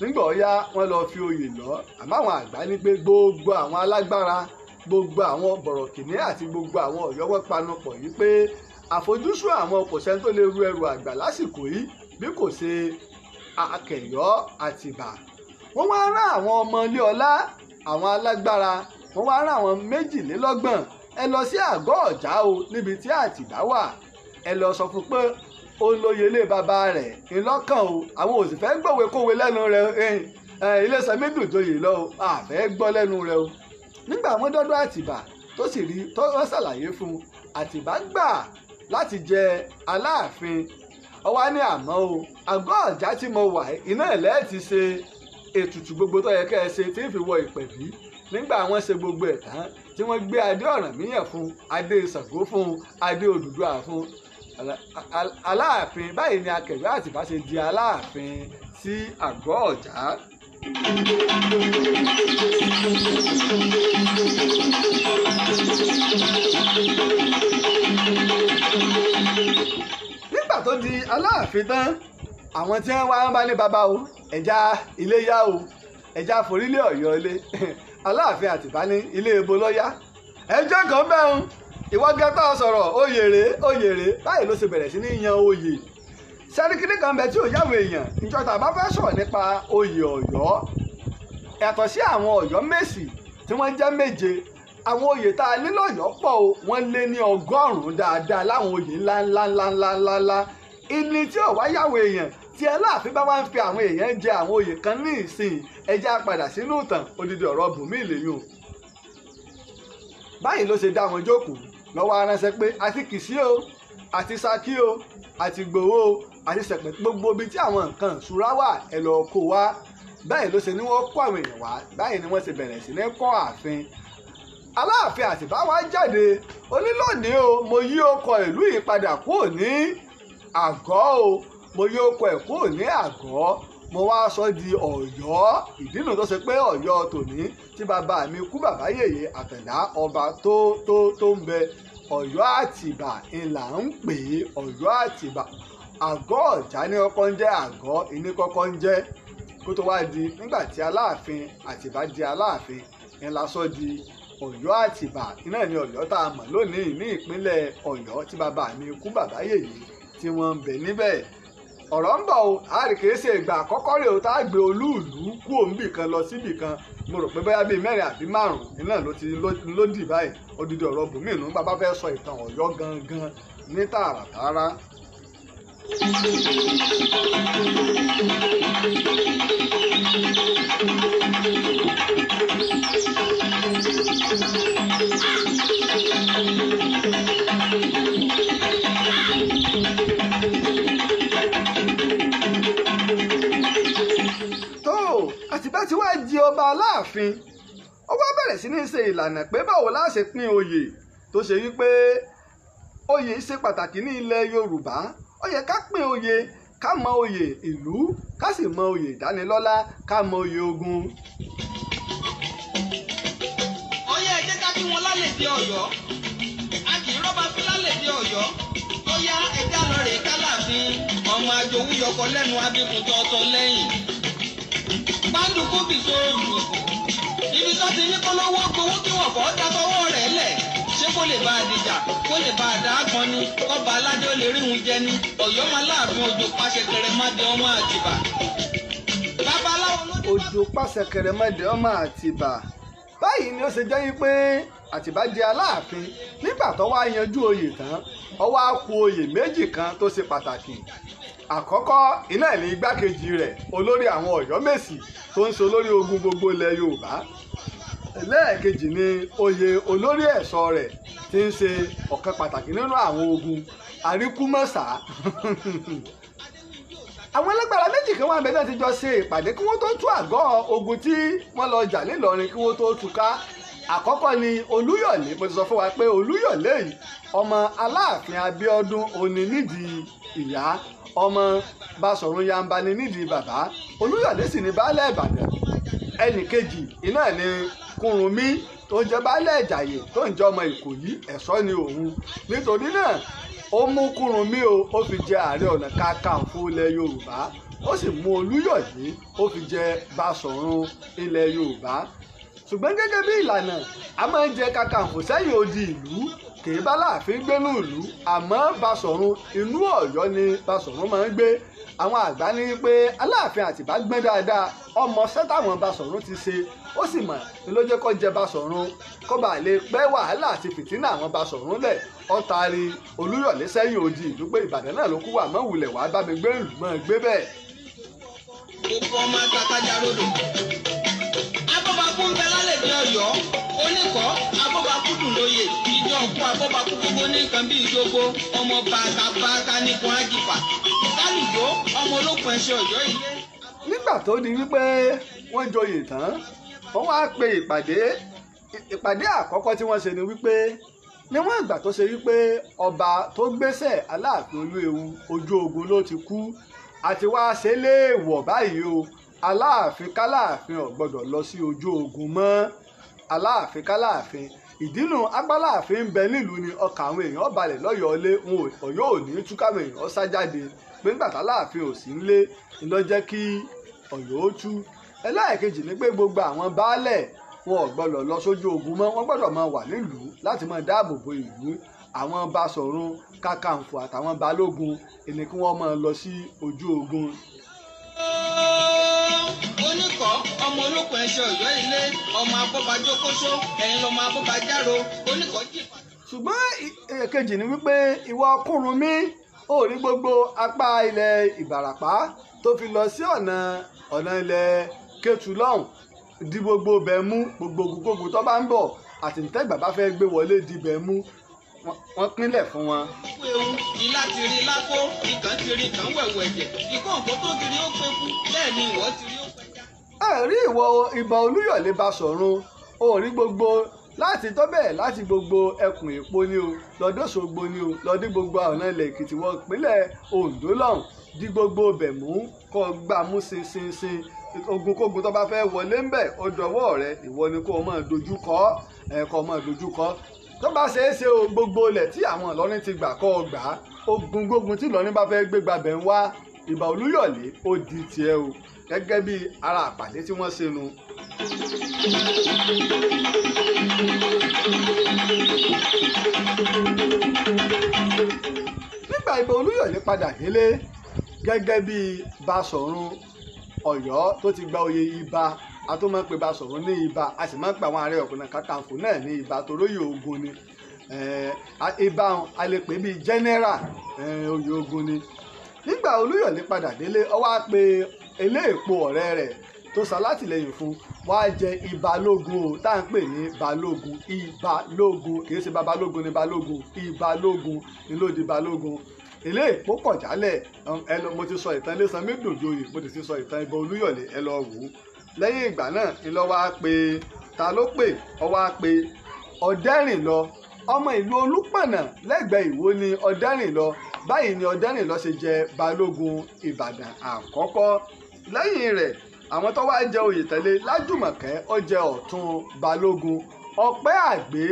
nígbà ọ̀yá wọ́n lọ fi oyè lọ àmọ́ àwọn àgbà ní pé gbogbo àwọn alágbára gbogbo àwọn bọ̀rọ̀kìnní àti gbogbo àwọn ọ̀yọ́ wọ́n panupọ̀ yìí pé àfojúsùn àwọn kò sẹ́ni tó lè ru ẹrù àgbà lásìkò yìí bí kò ṣe akẹ̀yọ́ àtìbà wọ́n wá rán àwọn ọmọ ilé ọlá àwọn alágbára wọ́n wá rán àwọn méjìlélọ́gbọ̀n ẹ lọ sí àgọ́ ọ̀já o níbi tí àtìdá wà ẹ lọ sọ fún pé ó ń lóye ilé bàbá rẹ̀ ńlọ́kàn o àwọn òsì fẹ́ gbọ̀wé kówé lẹ́nu rẹ̀ ilé sẹ́mi dùjòyè lọ o àfẹ́ gbọ́ lẹ́nu rẹ̀ o nígbà wọn dọ́dọ̀ àtìbà tó sì rí tó wọ́n ṣàlàyé fún àtìbà gbà láti jẹ aláàfin ọwá ní àmọ́ o àgọ́ ọ̀já tí mo wà iná ẹ̀ ti ṣe ètùtù gbogbo tó yẹ kẹ́ ẹ ṣe tí ń fi wọ ìpẹ̀bí nígbà wọ́n ṣe gbogbo ẹ̀ tán tí wọ́n gbé adé Ọ̀rànmíyàn fún adé Ṣàngó fún adé Odùduwà fún Aláàfin báyìí ni Akẹ̀wé Àtìbá ṣe di Aláàfin sí Àgọ́ Ọ̀já. nígbà tó di Aláàfin tán àwọn tí wọ́n wá ń bá ní bàbá o ẹ̀já iléyá o ẹ̀já forílẹ̀ ọ̀yọ́ ilé aláàfin àtìbá ní ilé ebo lọ́yá ẹjọ́ kan bẹ́ẹ̀ ń ìwọ gẹ́tà sọ̀rọ̀ oyèrè oyèrè báyìí ló ṣe bẹ̀rẹ̀ sí ní yan oyè sẹ́ríkìlì kan bẹ tí ò yáwó èèyàn ìjọba bá fẹ́ sọ̀rọ̀ nípa oyè ọ̀yọ́ yàtọ̀ sí àwọn ọ̀yọ́ mèsì tí wọ́n jẹ́ méje àwọn oyè tá a lé lọ́yọ́ o wọ́n lé ní ọgọ́rùn dáadáa láwọn oyè ńláńláńláńláńlá ìní tí ò wá yáwó èèyàn tí Aláàfin bá wá fi àwọn èèyàn jẹ àwọn oyè kan ní ìsìn ẹja padà sínú ìtàn odidi ọ̀rọ̀ bùnmí lèyìn báyìí ló ṣe dá wọn jókòó lọ́wọ́ aránṣẹ́ pé àti Kìsí o àti Ṣakí o àti Ìgbòho o àti Ṣẹ̀pẹ̀ gbogbo ibi tí àwọn nǹkan ìṣúra wà ẹ lọ kó wá báyìí ló ṣe ní wọ́n kó àwọn èèyàn wá báyìí ni wọ́n ṣe bẹ̀rẹ̀ sí ní kọ́ ààfin Aláàfin Àtìbá wá jáde onílọ́ọ̀ni o mo yí ọkọ̀ ìlú yìí padà kúrò ní àgọ́ o mo yí ó kọ ẹ̀ kúrò ní àgọ́ mo wá sọ di Ọ̀yọ́ ìdínú tó ṣe pé Ọ̀yọ́ tòní tí bàbá mi kú bàbá yèyé àtẹ̀dá ọba tó tó tó ń bẹ Ọ̀yọ́ Àtìbà ìlà ń pè é Ọ̀yọ́ Àtìbà àgọ́ Ọ̀já ní kọ́kọ́ ń jẹ́ àgọ́ ìní kọ́kọ́ ń jẹ́ kó tó wá di nígbà tí Aláàfin Àtìbà di Aláàfin ìyẹn la sọ di Ọ̀yọ́ Àtìbà iná ní Ọ̀yọ́ tá a mọ̀ lónìí ní ìpínlẹ̀ Ọ̀yọ́ tí bàbá mi kú bàbá yèyé tí wọ́n ń bẹ níbẹ̀ ọ̀rọ̀ ń bọ̀ a rì kìí ṣe ìgbà àkọ́kọ́ rè o tá a gbé olúùlú kú òǹbì kan lọ síbì kan mo rò pé bóyá bíi mẹ́rin àbí márùn-ún ti ló dì báyìí odidi ọ̀rọ̀ bàbá fẹ́ sọ ìtàn ọ̀yọ́ gangan ní tààràtàrà. ti wá di ọba aláàfin ó wá bẹ̀rẹ̀ sí ní ṣe ìlànà pé báwo la ṣe pín oyè tó ṣe wípé oyè ṣe pàtàkì ní ilẹ̀ yorùbá ó yẹ ká pín oyè ká mọ oyè ìlú ká sì mọ oyè ìdánilọ́lá ká mọ oyè ogun. oyè ẹ jẹ́ ká kí wọn lálẹ́ di ọ̀yọ́ a kì í rọ́bà fún lálẹ́ di ọ̀yọ́ ó yá ẹja lọ rèé ká láàfin ọmọ àjòwú yọkọ lẹ́nu abíkun tọ́tọ́ lẹ́yìn. Ojo bìso ògùnkùn ibi tó ti ní kólówó gbowó kí wọ́n fọ́ da tọwọ́ rẹ̀ lẹ̀ ṣé kó lè bá a dìjà ni kọ́ba aládé ó lè rí òun jẹ ni ọ̀yọ́ máa pàṣẹ kẹrẹ má ọmọ àtìbà. báyìí ni ó ṣe jẹ́ wípé àtìbá di aláàfin nígbà tó wá yanjú oyè tán ó wá kù oyè méjì kan tó ṣe pàtàkì àkọ́kọ́ iná ẹ̀ ní igbákejì rẹ̀ olórí àwọn ọ̀yọ́mèsì tó ń ṣolórí ogun gbogbo ilẹ̀ yorùbá lẹ́ẹ̀kejì ni oyè olórí ẹ̀ṣọ́ rẹ̀ ti ń ṣe ọ̀kan pàtàkì nínú àwọn ogun àríkúmọ̀sá àwọn ẹlẹgbàrá méjì kan wà bẹ́ẹ̀ ti jọ ṣe ìpàdé kí wọ́n tó tú àgọ́ ogun tí wọ́n lọ jà nílọrin kí wọ́n tó tú ká àkọ́kọ́ ni olúyọ̀lé mo ti sọ fún wa pé olúyọ̀lé yìí ọmọ aláàfin abíọ́dún onínídìí ìyá ọmọ Basọ̀run Yamba ni nídìí bàbá Olúyọ̀dé sì ni baálẹ̀ Ìbàdàn ẹnì kejì iná ni Kúrúnmí tó jẹ́ baálẹ̀ Ìjàyè tó ń jẹ́ ọmọ Ìkòyí ẹ̀ṣọ́ ni òun nítorí náà ó mú Kúrúnmí o ó fi jẹ Ààrẹ Ọ̀nà Kakanfò ilẹ̀ Yorùbá ó sì mú Olúyọ̀dé ó fi jẹ Basọ̀run ilẹ̀ Yorùbá ṣùgbọ́n gẹ́gẹ́ bí ìlànà a máa ń jẹ Kakanfò sẹ́yìn odi ìlú kìí bá láàfin gbénú ìlú àmọ́ Basọ̀run inú Ọ̀yọ́ ni Basọ̀run máa ń gbé àwọn àgbà ní pé Aláàfin Àtìbá gbẹ́ dáadáa ọmọ sẹ́tàwọn Basọ̀run ti ṣe ó sì mọ̀ ló jẹ́ kó jẹ Basọ̀run kó bá lè pẹ́ wàhálà àti fìtínà àwọn Basọ̀run lẹ̀ ó taari Olúyọ̀lé sẹ́yìn odi ìlú pé Ìbàdàn náà ló kú wà mọ́ wulẹ̀ wàá bá mi gbé ìlú mọ́ gbé bẹ́ẹ̀. ìfọ̀mọ́ tàkàjà lódò. Ogun bẹ lálẹ́ bí Ọ̀yọ́, oníkọ́, abóbakúdùn lóye, ìjọ òkú abóbakú gbogbo ní nǹkan bí ìjogbo, ọmọ bàtàbàtà nìkan àjìpà. Ìkálùjó, ọmọ olókùn ẹṣin Ọ̀yọ́ ilé. Nígbà tó di wípé wọ́n joyè tán, wọ́n wá pe ìpàdé. Ìpàdé àkọ́kọ́ tí wọ́n ṣe ni wípé níwọ̀n ìgbà tó ṣe wípé ọba tó gbéṣẹ̀ Aláàfin Olúewu ojú ogun ló ti kú àti wá ṣe léèwọ̀ báyìí o aláàfin káláàfin ò gbọ́dọ̀ lọ sí ojú ogun mọ́ aláàfin káláàfin ìdínú agbáláàfin ń bẹ nílùú ni ọkàn àwọn èèyàn balẹ̀ lọ́yọ̀ọ́lé wọn ò yóò ní túkàwọn èèyàn sá jáde pé ńgbà táláàfin ò sí ńlé iná jẹ́ kí ọ̀yọ́ ó tú ẹlẹ́ẹ̀kejì ni pé gbogbo àwọn baálẹ̀ wọn ò gbọ́dọ̀ lọ sójú ogun mọ́ wọ́n gbọ́dọ̀ máa wà nílùú láti máa dáàbò bo ìlú àwọn Baṣọ̀run Kàkàǹfò àtàwọn balógun ẹni kí wọ́n máa lọ sí ojú ogun oníkọ́ ọmọ olókùn ẹṣẹ ọ̀yọ́ ilé ọmọ abọ́bajó kóṣó ẹ̀yin lọ́mọ abọ́bajáro oníkọ́ jì. ṣùgbọ́n èkejì ni wípé ìwọ Kúrúnmí ó rí gbogbo apá ilẹ̀ Ìbàràpá tó fi lọ sí ọ̀nà ọ̀nà ilẹ̀ Kétu lọ́hùn di gbogbo bẹ́ẹ̀ mú gbogbo gbogbo tó bá ń bọ̀ àtìntẹ́gbà bá fẹ́ gbé wọlé di bẹ́ẹ̀ mú wọ́n pínlẹ̀ fún wọn. pé o ìlà ti rí lákó ìkàn ti rí kàn wẹ̀wẹ̀ ẹ̀jẹ̀ ìkó nǹkan tó kiri ó pé kú bẹ́ẹ̀ ni ìwọ ti rí ó pẹja. ẹ rí ìwọ ìbọn olúyọ̀lé bá sọ̀run o rí gbogbo láti tó bẹ́ẹ̀ láti gbogbo ẹkùn èpo ni o lọ́dọ̀ṣogbo ni o lọ́dí gbogbo ọ̀nà ilẹ̀ èkìtì wọ ìpínlẹ̀ ondo lọ́hùn di gbogbo ọbẹ̀ mú kọ́ gbà mú ṣinṣinṣin ogunkógun tó bá fẹ́ wọlé ńbẹ̀ ó dọwọ́ rẹ ìwọ ni kó o máa dojú kọ ẹ kó o máa dojú kọ tó bá ṣe é ṣe o gbogbo ilẹ̀ tí àwọn ìlọrin ti gbà kọ́ ọ gbà á ogun gbógun tí ìlọrin bá fẹ́ gbé gbàbẹ̀ ń wá ìbà olúyọ̀lé ó di tiẹ̀ o gẹ́gẹ́ bí ara àpàdé tí wọ́n ṣe nu. nígbà ìbà olúyọ̀lé padà délé gẹ́gẹ́ bí Baṣọ̀run Ọ̀yọ́ tó ti gba oyè ibà a tó máa ń pe ba sọ̀rọ̀ ní ibà a sì máa ń pe àwọn ààrẹ ọ̀kùnrin kàkàǹfò náà ní ibà toróyè ogun ni ibà a lè pè bíi jẹ́nẹ́rà oyè ogun ni nígbà olúyọ̀lé padà délé ó wá pe eléèpo ọ̀rẹ́ rẹ̀ tó ṣàlátìlẹ́yìn fún wá jẹ ìbálógun o tá à ń pè ní balógun ìbálógun kì í ṣe babalógun ní balógun ìbálógun ni ló di balógun ilé èkó kọjálẹ mo ti sọ ìtàn ilé sanmi dòjòyè mo ti sọ ìtàn ìbọn olúyọ̀lé ẹ lọ wò ó lẹ́yìn ìgbà náà ni lọ́ wá pé ta ló pè ọ wá pé ọ̀dẹ́rìn lọ ọmọ ìlú olúpọ̀nà lẹ́gbẹ̀ẹ́ ìwó ni ọ̀dẹ́rìn lọ báyìí ni ọ̀dẹ́rìn lọ ṣe jẹ balógun ìbàdàn àkọ́kọ́ lẹ́yìn rẹ̀ àwọn tó wá jẹ oyè tẹ̀lé lájùmọ̀kẹ́ ó jẹ ọ̀tún balógun ọ̀pẹ́ àgbé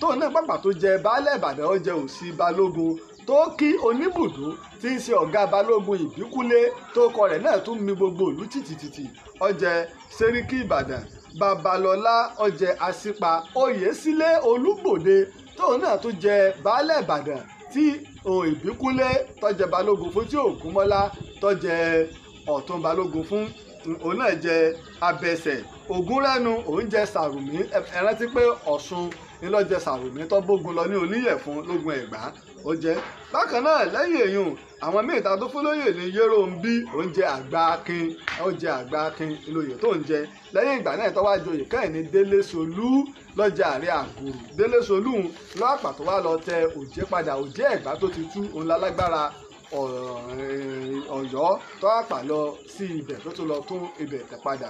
tóun náà pàpà tó jẹ baálẹ̀ ìbàdàn ó jẹ òsì balógun tó kí oníbùdó tí ń ṣe ọ̀gá balógun ìbíkúlé tó kọ rẹ̀ náà tún mi gbogbo ìlú tìtìtìtì ọjẹ́ sẹ́ríkì ìbàdàn babalọ́lá ọjẹ́ àṣìpa oyèsílẹ̀ olúgbòde tóun náà tún jẹ baálẹ̀ ìbàdàn tí ìbíkúlé tó jẹ balógun fún tí ògúnmọ́lá tó jẹ ọ̀tún balógun fún òun náà jẹ abẹsẹ̀ ògúnrẹ́nu òun jẹ sàrùmí ẹ pé ọ̀ṣun ni ló sàrùmí tó bógun lọ ní oníyẹ̀fun lógun ẹ̀gbá ó jẹ́ bákan náà lẹ́yìn èyàn àwọn míì ta tó fún lóyè ní yẹ́rọ ń bí oúnjẹ àgbà akin oúnjẹ àgbà akin lóyè tó ń jẹ lẹ́yìn ìgbà náà tọ́wá joyè kẹ́hìn ní délé solú lọ́jà àárẹ̀ àgùrù délé solú lọ́pàá tó wá lọ tẹ òjé padà òjé ẹ̀gbá tó ti tú òun lálágbára Ọ̀yọ́ tó àpà lọ sí ibẹ̀ tó tún lọ tún ibẹ̀ tẹ̀ padà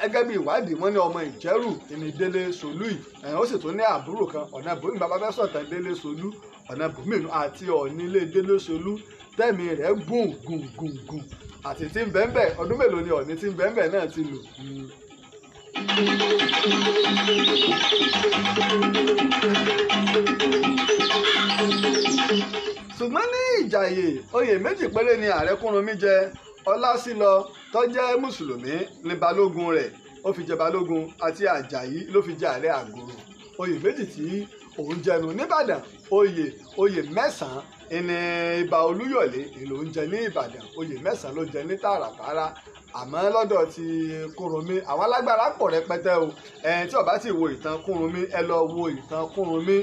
gẹ́gẹ́ bí ìwádìí wọ́n ní ọmọ ìjẹ́rù ìní délé solú yìí ó sì tún ní àbúrò kan ọ̀nà àbúrò ìgbà bá fẹ́ sọ̀tàn délé solú ọ̀nà bùnmínú àti ọ̀nílé délósolú tẹ́mi rẹ̀ gùn gùn gùn gùn àti tí ń bẹ́ẹ̀ bẹ́ẹ̀ ọdún mélòó ni ọ̀ní tí ń bẹ́ẹ̀ bẹ́ẹ̀ náà ti lò. ṣùgbọ́n ní ìjàyè oyè méjì péré ni ààrẹ kúrunmí jẹ ọlásílọ tó jẹ́ mùsùlùmí ní balógun rẹ̀ ó fi jẹ balógun àti àjàyí ló fi jẹ ààrẹ àgòrò oyè méjì tí òun jẹnu nìbàdàn oyè oyè mẹ́sàn-án ìní ibà olúyọ̀lé èlò ń jẹ ní ìbàdàn oyè mẹ́sàn-án ló jẹ ní tààràtààrà àmọ́ lọ́dọ̀ ti kúrúnmí àwọn alágbára pọ̀ rẹpẹtẹ o ẹ̀ẹ́n tí o bá ti wo ìtàn kúrúnmí ẹ lọ wo ìtàn kúrúnmí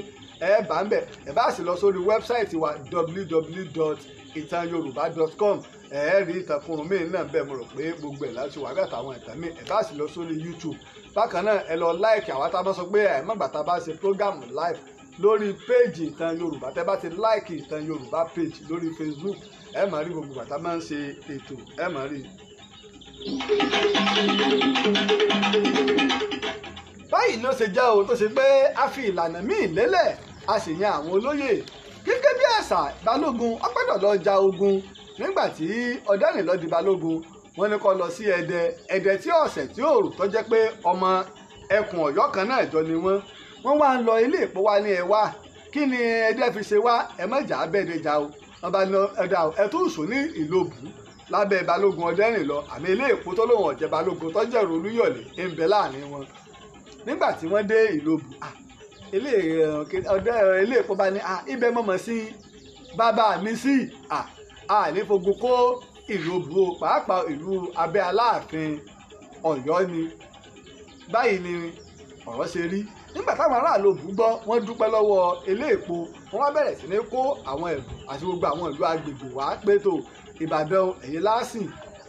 ẹ bá ń bẹ̀ ẹ bá sì lọ sórí wẹ́bsáìtì wa www.itanyoruba.com ẹ̀ẹ́ rí ìtàn kúrúnmí náà bẹ́ẹ̀ mo rò pé gbogbo ẹ̀ láti wàgàtà àwọn ìtàn mi ẹ bá sì lọ sórí YouTube bákan náà ẹ lọ láìkì àwa tá a bá sọ pé ẹ mọ̀gbà tá a bá ṣe prógámù live lórí péèjì ìtàn yorùbá tẹ́ bá ti láìkì ìtàn yorùbá péèjì lórí facebook ẹ máa rí gbogbo bàtà máa ń ṣe ètò ẹ máa rí. báyìí ló ṣe jẹ́ o tó ṣe pé a fi ìlànà míì lélẹ̀ a sì yan àwọn olóyè gẹ́gẹ́ bí àṣà balógun ọpẹ́dọ̀lọ́ ja ogun nígbà tí ọ̀dẹ́rìnlọ́ di balógun wọ́n ní kó lọ sí ẹ̀dẹ ẹ̀dẹ tí ọ̀sẹ̀ tí òòrùn tó jẹ́ pé ọmọ ẹkùn ọ̀yọ́ kan náà jọ ni wọ́n wọ́n wá ń lọ ilé ìpò wa ní ẹ wá kí ni ẹ̀dẹ fi ṣe wá ẹ mọ̀jà abẹ́ẹ̀dẹ jà o wọ́n bá lọ ẹ̀dà o ẹ̀tún sùn ní ìlòbù lábẹ́ balógun ọdẹ́rìn lọ àmì ilé ìpò tó lóun ọ̀jẹ̀ balógun tó jẹ́ olúyọ̀lé ń bẹ láàrin wọn nígbà tí wọ́n dé ìlòbù ilé eh, ọdẹ ilé ìpò bá ní ibẹ̀ mọ̀mọ́ sí bàbá mi sí à ní fogun kó ìlú bro pàápàá ìlú abẹ́ aláàfin ọ̀yọ́ ni báyìí ni ọ̀rọ̀ ṣe rí nígbà táwọn aráàlú òbú gbọ́ wọ́n dúpẹ́ lọ́wọ́ eléèpo wọ́n wá bẹ̀rẹ̀ sí ní kó àwọn ẹ̀bùn àti gbogbo àwọn ìlú agbègbè wá pé tó ìbàdàn ẹ̀yìn lásìn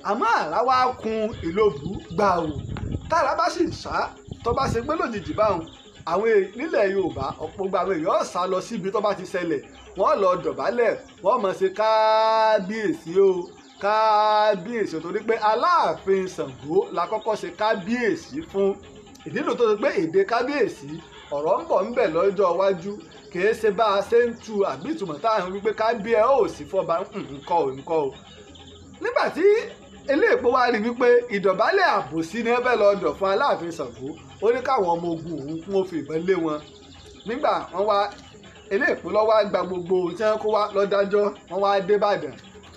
àmọ́ àrà wá kun ìlòbù gbàù tára bá sì sá tó bá ṣe pé lójijì báwọn àwọn e, nílẹ̀ yorùbá ọ̀pọ̀ gba àwọn èèyàn sá lọ síbi tó bá ti ṣẹlẹ̀ wọ́n lọ dọ̀bálẹ̀ wọ́n mọ̀ ṣe káábíyèsí o kábíyèsí torí pé aláàfin Ṣàngó la kọ́kọ́ ṣe kábíyèsí fún ìdílò tó ṣe pé èdè kábíyèsí ọ̀rọ̀ ń bọ̀ ń bẹ̀ lọ́jọ́ iwájú kìí ṣe bá a ṣe ń tu àbí ìtumọ̀ táwọn wípé kábíyè ò sí fọba nǹkan ò nǹkan o nígbà tí eléèpo wa rí wípé ìdọ̀bálẹ̀ àbòsí ni ẹ bẹ́ẹ̀ lọ dọ̀ fún aláàfin Ṣàngó ó ní káwọn ọmọ ogun òun kún ó fi ìbọn lé wọn nígbà wọn wá eléèpo lọ́wọ́ gba gbogbo ohun tí wọ́n kó wá lọ́dájọ́ wọn wá dé Ìbàdàn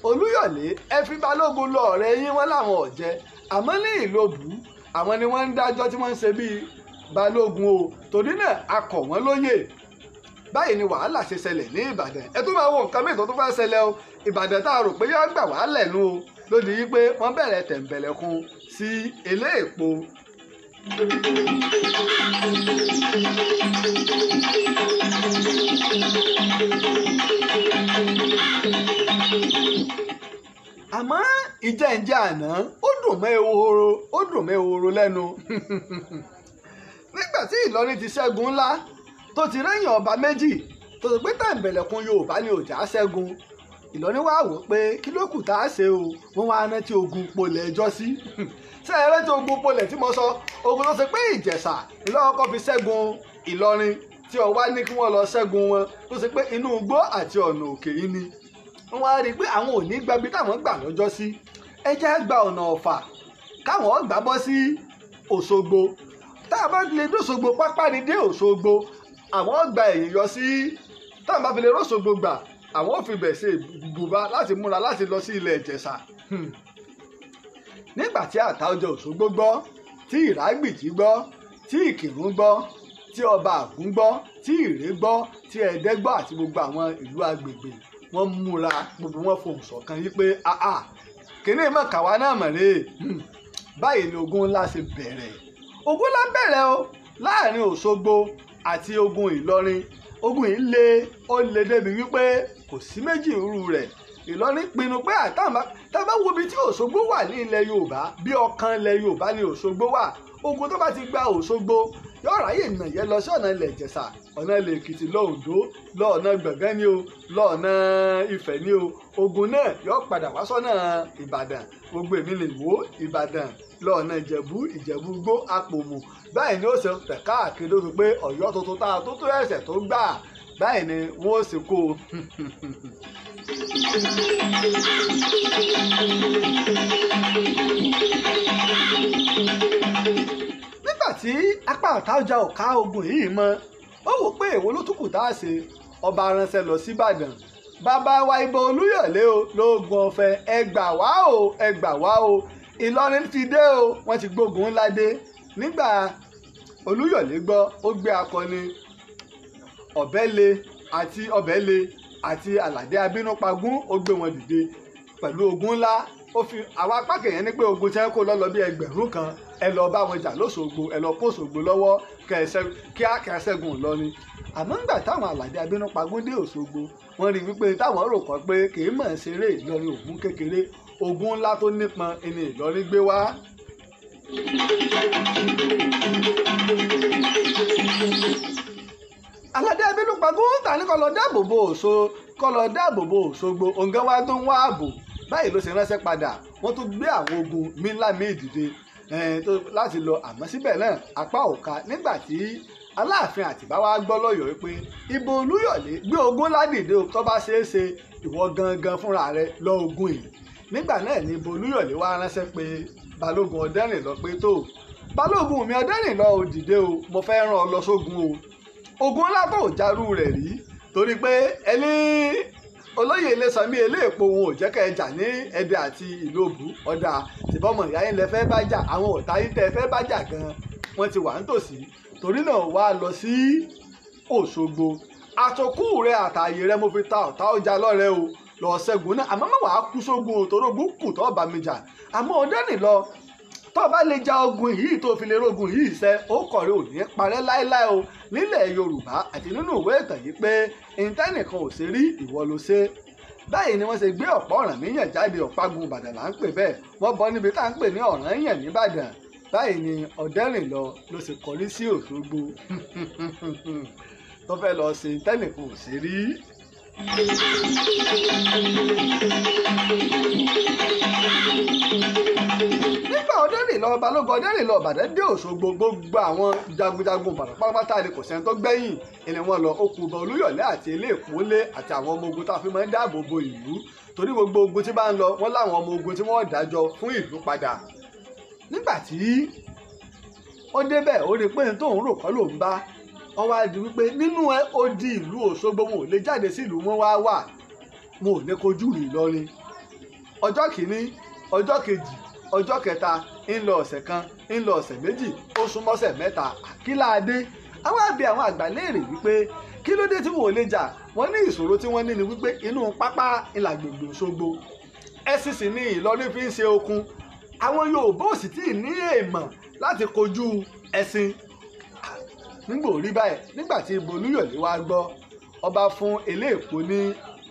olúyọ̀lé ẹ fi balógun lọ ọ̀rẹ́ yín wọ́n làwọn ọ̀jẹ́ àmọ́ ní ìlòbù àwọn ni wọ́n ń dájọ́ tí wọ́n ń ṣe bíi balógun o torí náà a kọ̀ wọ́n lóyè báyìí ni wàhálà ṣe ṣẹlẹ̀ ní ìbàdàn ẹ tó máa wo nǹkan mìíràn tó fẹ́ ṣẹlẹ̀ o ìbàdàn tá a rò pé yóò gbà wàhálà ẹ̀nu o lódì yí pé wọ́n bẹ̀rẹ̀ tẹ̀m̀bẹ̀lẹ̀kun sí eléèpo Thank you àmọ́ ìjẹ́njẹ́ àná ó dùn mọ́ ehoro ó dùn mọ́ ehoro lẹ́nu nígbà tí Ìlọrin ti ṣẹ́gun ńlá tó ti rẹ́yìn ọba méjì tó ti pé tàǹbẹ̀lẹ̀kun Yorùbá ni òjà ṣẹ́gun Ìlọrin wá wò pé kí ló kù tá a ṣe o wọ́n wá rántí ogun polẹ̀ ẹjọ́ sí ṣé ẹ rántí ogun polẹ̀ tí mo sọ ogun tó ṣe pé Ìjẹ̀ṣà lọ́kọ́ fi ṣẹ́gun Ìlọrin tí ọwá ní kí wọ́n lọ ṣẹ́gun wọn tó ṣe pé inú igbó àti ọ̀nà òkè yìí ni wọ́n á rí i pé àwọn ò ní gbàgbé táwọn gbà lọ́jọ́ sí ẹ jẹ́ gba ọ̀nà ọ̀fà káwọn gbà bọ́ sí òṣogbo tá a bá lè dé pápá ni dé òṣogbo àwọn gba ẹ̀yìn yọ sí tá bá fi lè rọ́ṣogbo gbà àwọn ò fi bẹ̀ ṣe ibùba láti múra láti lọ sí ilẹ̀ ìjẹ̀ṣà hmm. nígbà tí àtàwọjọ òṣogbo gbọ́ tí ìrágbìjí gbọ́ tí ìkìrún gbọ́ tí ọba àgún gbọ́ tí ìrè gbọ́ tí ẹ̀ẹ́dẹ́ àti gbogbo àwọn ìlú agbègbè wọ́n múra gbogbo wọn fohùn ṣọ̀kan yí pé ah. kìnìún mọ̀ káwa náà mọ̀ rè hmm, báyìí ni ogun ńlá ṣe bẹ̀rẹ̀ ogun ńlá bẹ̀rẹ̀ o láàrin Òṣogbo àti ogun Ìlọrin ogun yìí le ó le débi wípé kò sí méjì irú rẹ̀ Ìlọrin pinnu pé àtàbá wo ibi tí Òṣogbo wà ní ilẹ̀ Yorùbá bí ọkàn ilẹ̀ Yorùbá ni Òṣogbo wà ogun tó bá ti gba Òṣogbo yóò ráyè nà yẹn lọ sí ọ̀nà ilẹ̀ ìjẹ̀ṣà ọ̀nà ilẹ̀ èkìtì lọ òǹdó lọ ọ̀nà gbọ̀ngàn ni o lọ ọ̀nà ifẹ̀ ni o ogun náà yóò padà wá sọ́nà ìbàdàn gbogbo èmi lè wò ìbàdàn lọ ọ̀nà ìjẹ̀bú ìjẹ̀bú gbó apòmù báyìí ni ó ṣe tẹ̀ káàkiri ló fi pé ọ̀yọ́ tuntun tá a tó tó ẹ̀sẹ̀ tó gbà báyìí ni wọ́n ó sì kó o. Thank you tí apá ọ̀tá ọjà ò ká ogun yìí mọ́ ó wò pé èwo ló tún kù tá a ṣe ọba aránṣẹ́ lọ síbàdàn bàbá wa ibà olúyọ̀lé o lóògùn ọ̀fẹ́ ẹ gbà wá o ẹ gbà wá o ìlọrin ti dé o wọ́n ti gbógun ńlá dé nígbà olúyọ̀lé gbọ́ ó gbé akọni ọ̀bẹ́lé àti ọ̀bẹ́lé àti àlàdé abínúpagún ó gbé wọn dìde pẹ̀lú ogun ńlá ó fi àwọn apá kẹ̀yẹ́ ní pé ogun tí wọ́n kó lọ́lọ́ bí ẹgbẹ̀rún kan ẹ lọ bá wọn jà lóṣogbo ẹ lọ kó Òṣogbo lọ́wọ́ kí akẹ́sẹ́gun lọ ni àmọ́ ńgbà táwọn Àlàdé Abínúpagún dé Òṣogbo wọ́n rí wípé táwọn rò kọ́ pé kì í mọ̀ ẹ́ ṣeré Ìlọrin ògún kékeré ogun ńlá tó nípọn ẹni Ìlọrin gbé wá. Àlàdé Abínúpagún ta ní kó dáàbò bo òṣo kó dáàbò bo Òṣogbo òǹgẹ́wá tó ń wá ààbò báyìí ló ṣe ránṣẹ́ padà wọ́n tún gbé àwọn ogun mílá méjì dìde láti lọ àmọ́ síbẹ̀ náà apá òka nígbà tí aláàfin àtìbá wa gbọ́ lọ́yọ̀ọ́ wípé ibo olúyọ̀lé gbé ogún ládìde tó bá ṣeé ṣe ìwọ gangan fúnra rẹ lọ ogún yìí nígbà náà ni ibo olúyọ̀lé wa ránṣẹ́ pé balógun ọ̀dẹ́rìnlọ pé tó balógun mi ọ̀dẹ́rìnlọ ò dìde o mo fẹ́ rán ọ lọ sógun o ogun ńlá kò jarú rẹ̀ rí torí pé ẹni olóyè Sami, eléèpo wọn ò jẹ́ kẹ́ ẹ jà ní Ẹdẹ àti ìlú Òbú ọ̀dà tìbọ́mọ̀ ìyá yín lẹ fẹ́ bá jà àwọn ọ̀tá yín tẹ́ fẹ́ bá jà gan-an wọ́n ti wà nítòsí torí náà wá lọ sí Òṣogbo àtòkù rẹ àtàyè rẹ mo fi ta ọ̀tá ọjà lọ́rẹ́ o lọ́ọ́ ṣẹ́gun náà àmọ́ mọ̀ wàá kú sógun òtòrógún kù tó bá mi jà àmọ́ ọdẹ́nì lọ tó bá lè ja ogun yìí tó fi lè rogun yìí ṣe ó kọ̀rẹ́ òní parẹ́ láéláé o nílẹ̀ yorùbá àti nínú ìwé ìtàn yìí pé ìńtánìkan ò ṣe rí ìwọ ló ṣe báyìí ni wọ́n ṣe gbé ọ̀pọ̀ Ọ̀rànmíyàn jáde ọ̀págun ìbàdàn là ń pè bẹ́ẹ̀ wọ́n bọ́ níbi tá à ń pè ní Ọ̀rànyàn nìbàdàn báyìí ni ọ̀dẹ́rìnlọ ló ṣe kọrí sí Òṣogbo tó fẹ́ lọ ṣe ìńtánìkan ò ṣe rí nígbà ọdẹ́rìn lọ balógun ọdẹ́rìn lọ ìbàdàn dé òṣogbo gbogbo àwọn jagunjagun ìbàdàn pátápátá ni kò sẹ́ni tó gbẹ̀yìn ẹni wọn lọ okùn bọ olúyọ̀lé àti ilé ìpínlẹ̀ àti àwọn ọmọ ogun tá a fi máa ń dáàbò bo ìlú torí gbogbo ogun tí bá ń lọ wọn láwọn ọmọ ogun tí wọn dájọ fún ìlú padà nígbà tí ó débẹ̀ ó rí pé tóun rò kọ́ lòun bá wọ́n wá di wípé nínú odi ìlú Òṣogbo wọn ò lè jáde sí ìlú wọn wá wà wọn ò ní kojú rí Ìlọrin ọjọ́ kìíní ọjọ́ kejì ọjọ́ kẹta ń lọ ọ̀sẹ̀ kan ń lọ ọ̀sẹ̀ méjì ó súnmọ́sẹ̀ mẹ́ta àkíláadé àwọn àbí àwọn àgbà léèrè wípé kí ló dé tí wọn ò lè jà wọn ní ìṣòro tí wọ́n ní ni wípé inú pápá ìlàgbègbè Òṣogbo ẹ̀sìn sì ni Ìlọrin fi ń ṣe okun àwọn Yorùbá ò sì tí ì ní èèmọ̀ láti kojú ẹ̀sìn nígbà orí báyìí nígbà tí bolúyọ̀lé wá gbọ́ ọba fún eléèpo ní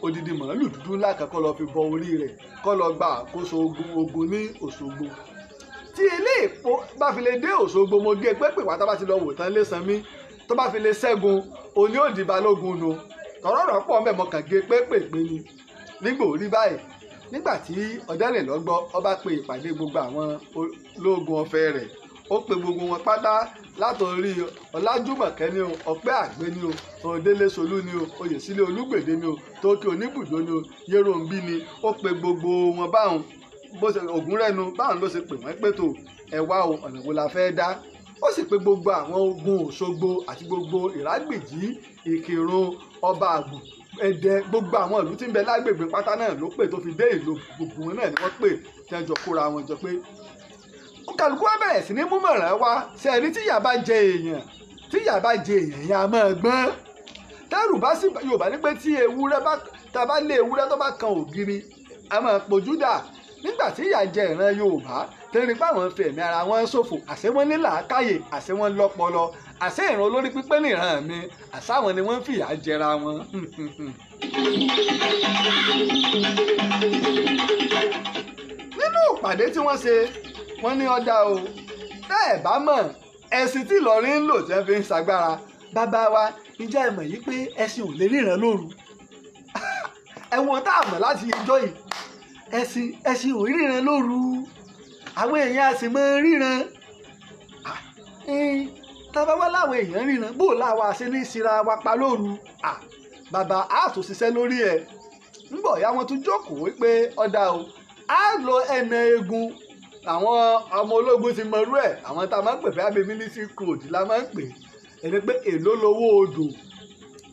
odidi màálù dúdú ńlá kan kó lọ fi bọ orí rẹ̀ kó lọ gba àkóso ogun ogun ní Òṣogbo tí eléèpo bá fi lè dé Òṣogbo mo gé pépè wá tábà ti lọ wò tán lẹ́sànmí tó bá fi lè ṣẹ́gun òní òdì balógun nu tọ̀rọ̀ rọ̀ pọ̀ mẹ́mọ kàn gé pépè pé ni nígbà orí báyìí nígbà tí Ọ̀dẹ́rìnlọ́gbọ́ ọba pe ìpàdé gbogbo àwọn ológun ọ̀fẹ́ rẹ̀ ó pe gbogbo wọn pátá látòrí ọlájúmọ̀kẹ́ ni o ọpẹ́ àgbẹ̀ ni o òdélé solú ni o oyèsílẹ̀ olúgbèdé ni o tókè oníbùdó ni o yéròǹbí ni ó pe gbogbo wọn báwọn bó ṣe ògùn rẹnu báwọn ló ṣe pè wọ́n pé tó ẹ wá o ọ̀nà wo la fẹ́ dá ó sì pe gbogbo àwọn ogun òṣogbo àti gbogbo ìrágbèjì ìkírun ọba àgùn ẹ̀dẹ̀ gbogbo àwọn ìlú tí ń bẹ lágbègbè pátá náà ló pè tó fi dé ìlú gbogbo wọn náà ni wọ́n pè tẹ́jọ kóra wọn jọ pé kálukú wa bẹ̀rẹ̀ sí ní mú mọ̀ràn wa sẹ́ẹ̀rí tíyà bá jẹ èèyàn tíyà bá jẹ èèyàn yẹn a máa gbọ́n tẹ́rù bá sì Yorùbá ní pé tí ewúrẹ́ bá ta bá lé ewúrẹ́ tó bá kan ògiri a máa pojú dà nígbà tí ìyà jẹ ìran Yorùbá tẹ́rin báwọn fi ẹ̀mí ara wọn ṣòfò àṣé wọn ní làákàyè àṣé wọn lọ́pọlọ àṣé ìran olórí pípẹ́ nìran mi àṣàwọn ni wọ́n fìyà jẹra wọn. nínú ìpàdé tí wọ́n ṣe wọ́n ní ọjà o bẹ́ẹ̀ bá mọ̀ ẹ̀sìn tí Ìlọrin ń lò tẹ́ fi ń ṣagbára bàbá wa ìjẹ́ ìmọ̀ yìí pé ẹ̀sìn ò lè ríran lóru ẹ̀wọ̀n tá a mọ̀ láti ẹjọ́ yìí ẹ̀sìn ẹ̀sìn ò ríran lóru àwọn èèyàn a sì mọ ríran tàbá wá láwọn èèyàn ríran bó láwa ṣe ní ìsira wa pa lóru bàbá a tó ṣiṣẹ́ lórí ẹ̀ ń bọ̀ ya wọn tún jókòó wípé ọ̀dà o a lọ ẹ̀nà eegun àwọn ọmọ ológun ti mọrú ẹ̀ àwọn tá a máa ń pè fẹ́ abẹ mílísì kúròdì la máa ń pè ẹni pé èló lowó odò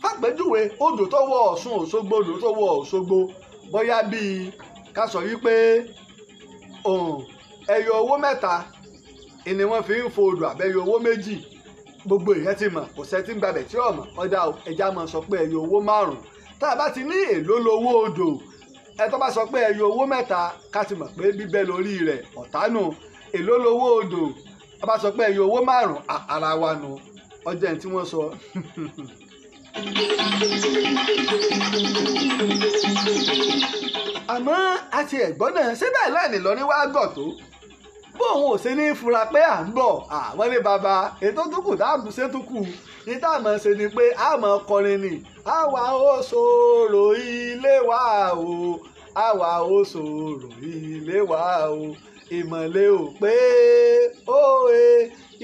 fàgbéjúwe odò tó wọ Ọ̀ṣun Òṣogbo odò tó wọ Òṣogbo bóyá bíi ká sọ wípé ẹyọ owó mẹ́ta ni wọ́n fi ń fo odò àbẹ́yọ owó méjì gbogbo ìyẹn ti mọ̀ kò sẹ́ tí ń gbàbẹ̀ tí ọ̀mọ̀ ọ̀dà ẹja máa sọ pé ẹyọ owó márùn tá a bá ti ní èló lowó odò ẹ tó bá sọ pé ẹyọ owó mẹ́ta ká ti mọ̀ pé bíbẹ́ lórí rẹ̀ ọ̀tánù èló lowó odò ẹ bá sọ pé ẹyọ owó márùn ara wa nu ọjà tí wọ́n sọ. àmọ́ àti ẹ̀gbọ́n náà síbẹ̀ láìní lọ ní wàá gọ̀ tó bóun ò ṣe ní fura pé à ń bọ̀ àwọn ní baba ètò tó kù dáàbò ṣètùkù ní táàmù ṣe ni pé àmọ́ kọrin ni àwa ó sòrò ilé wa o àwa ó sòrò ilé wa o ìmọ̀lẹ̀ ò pé òwe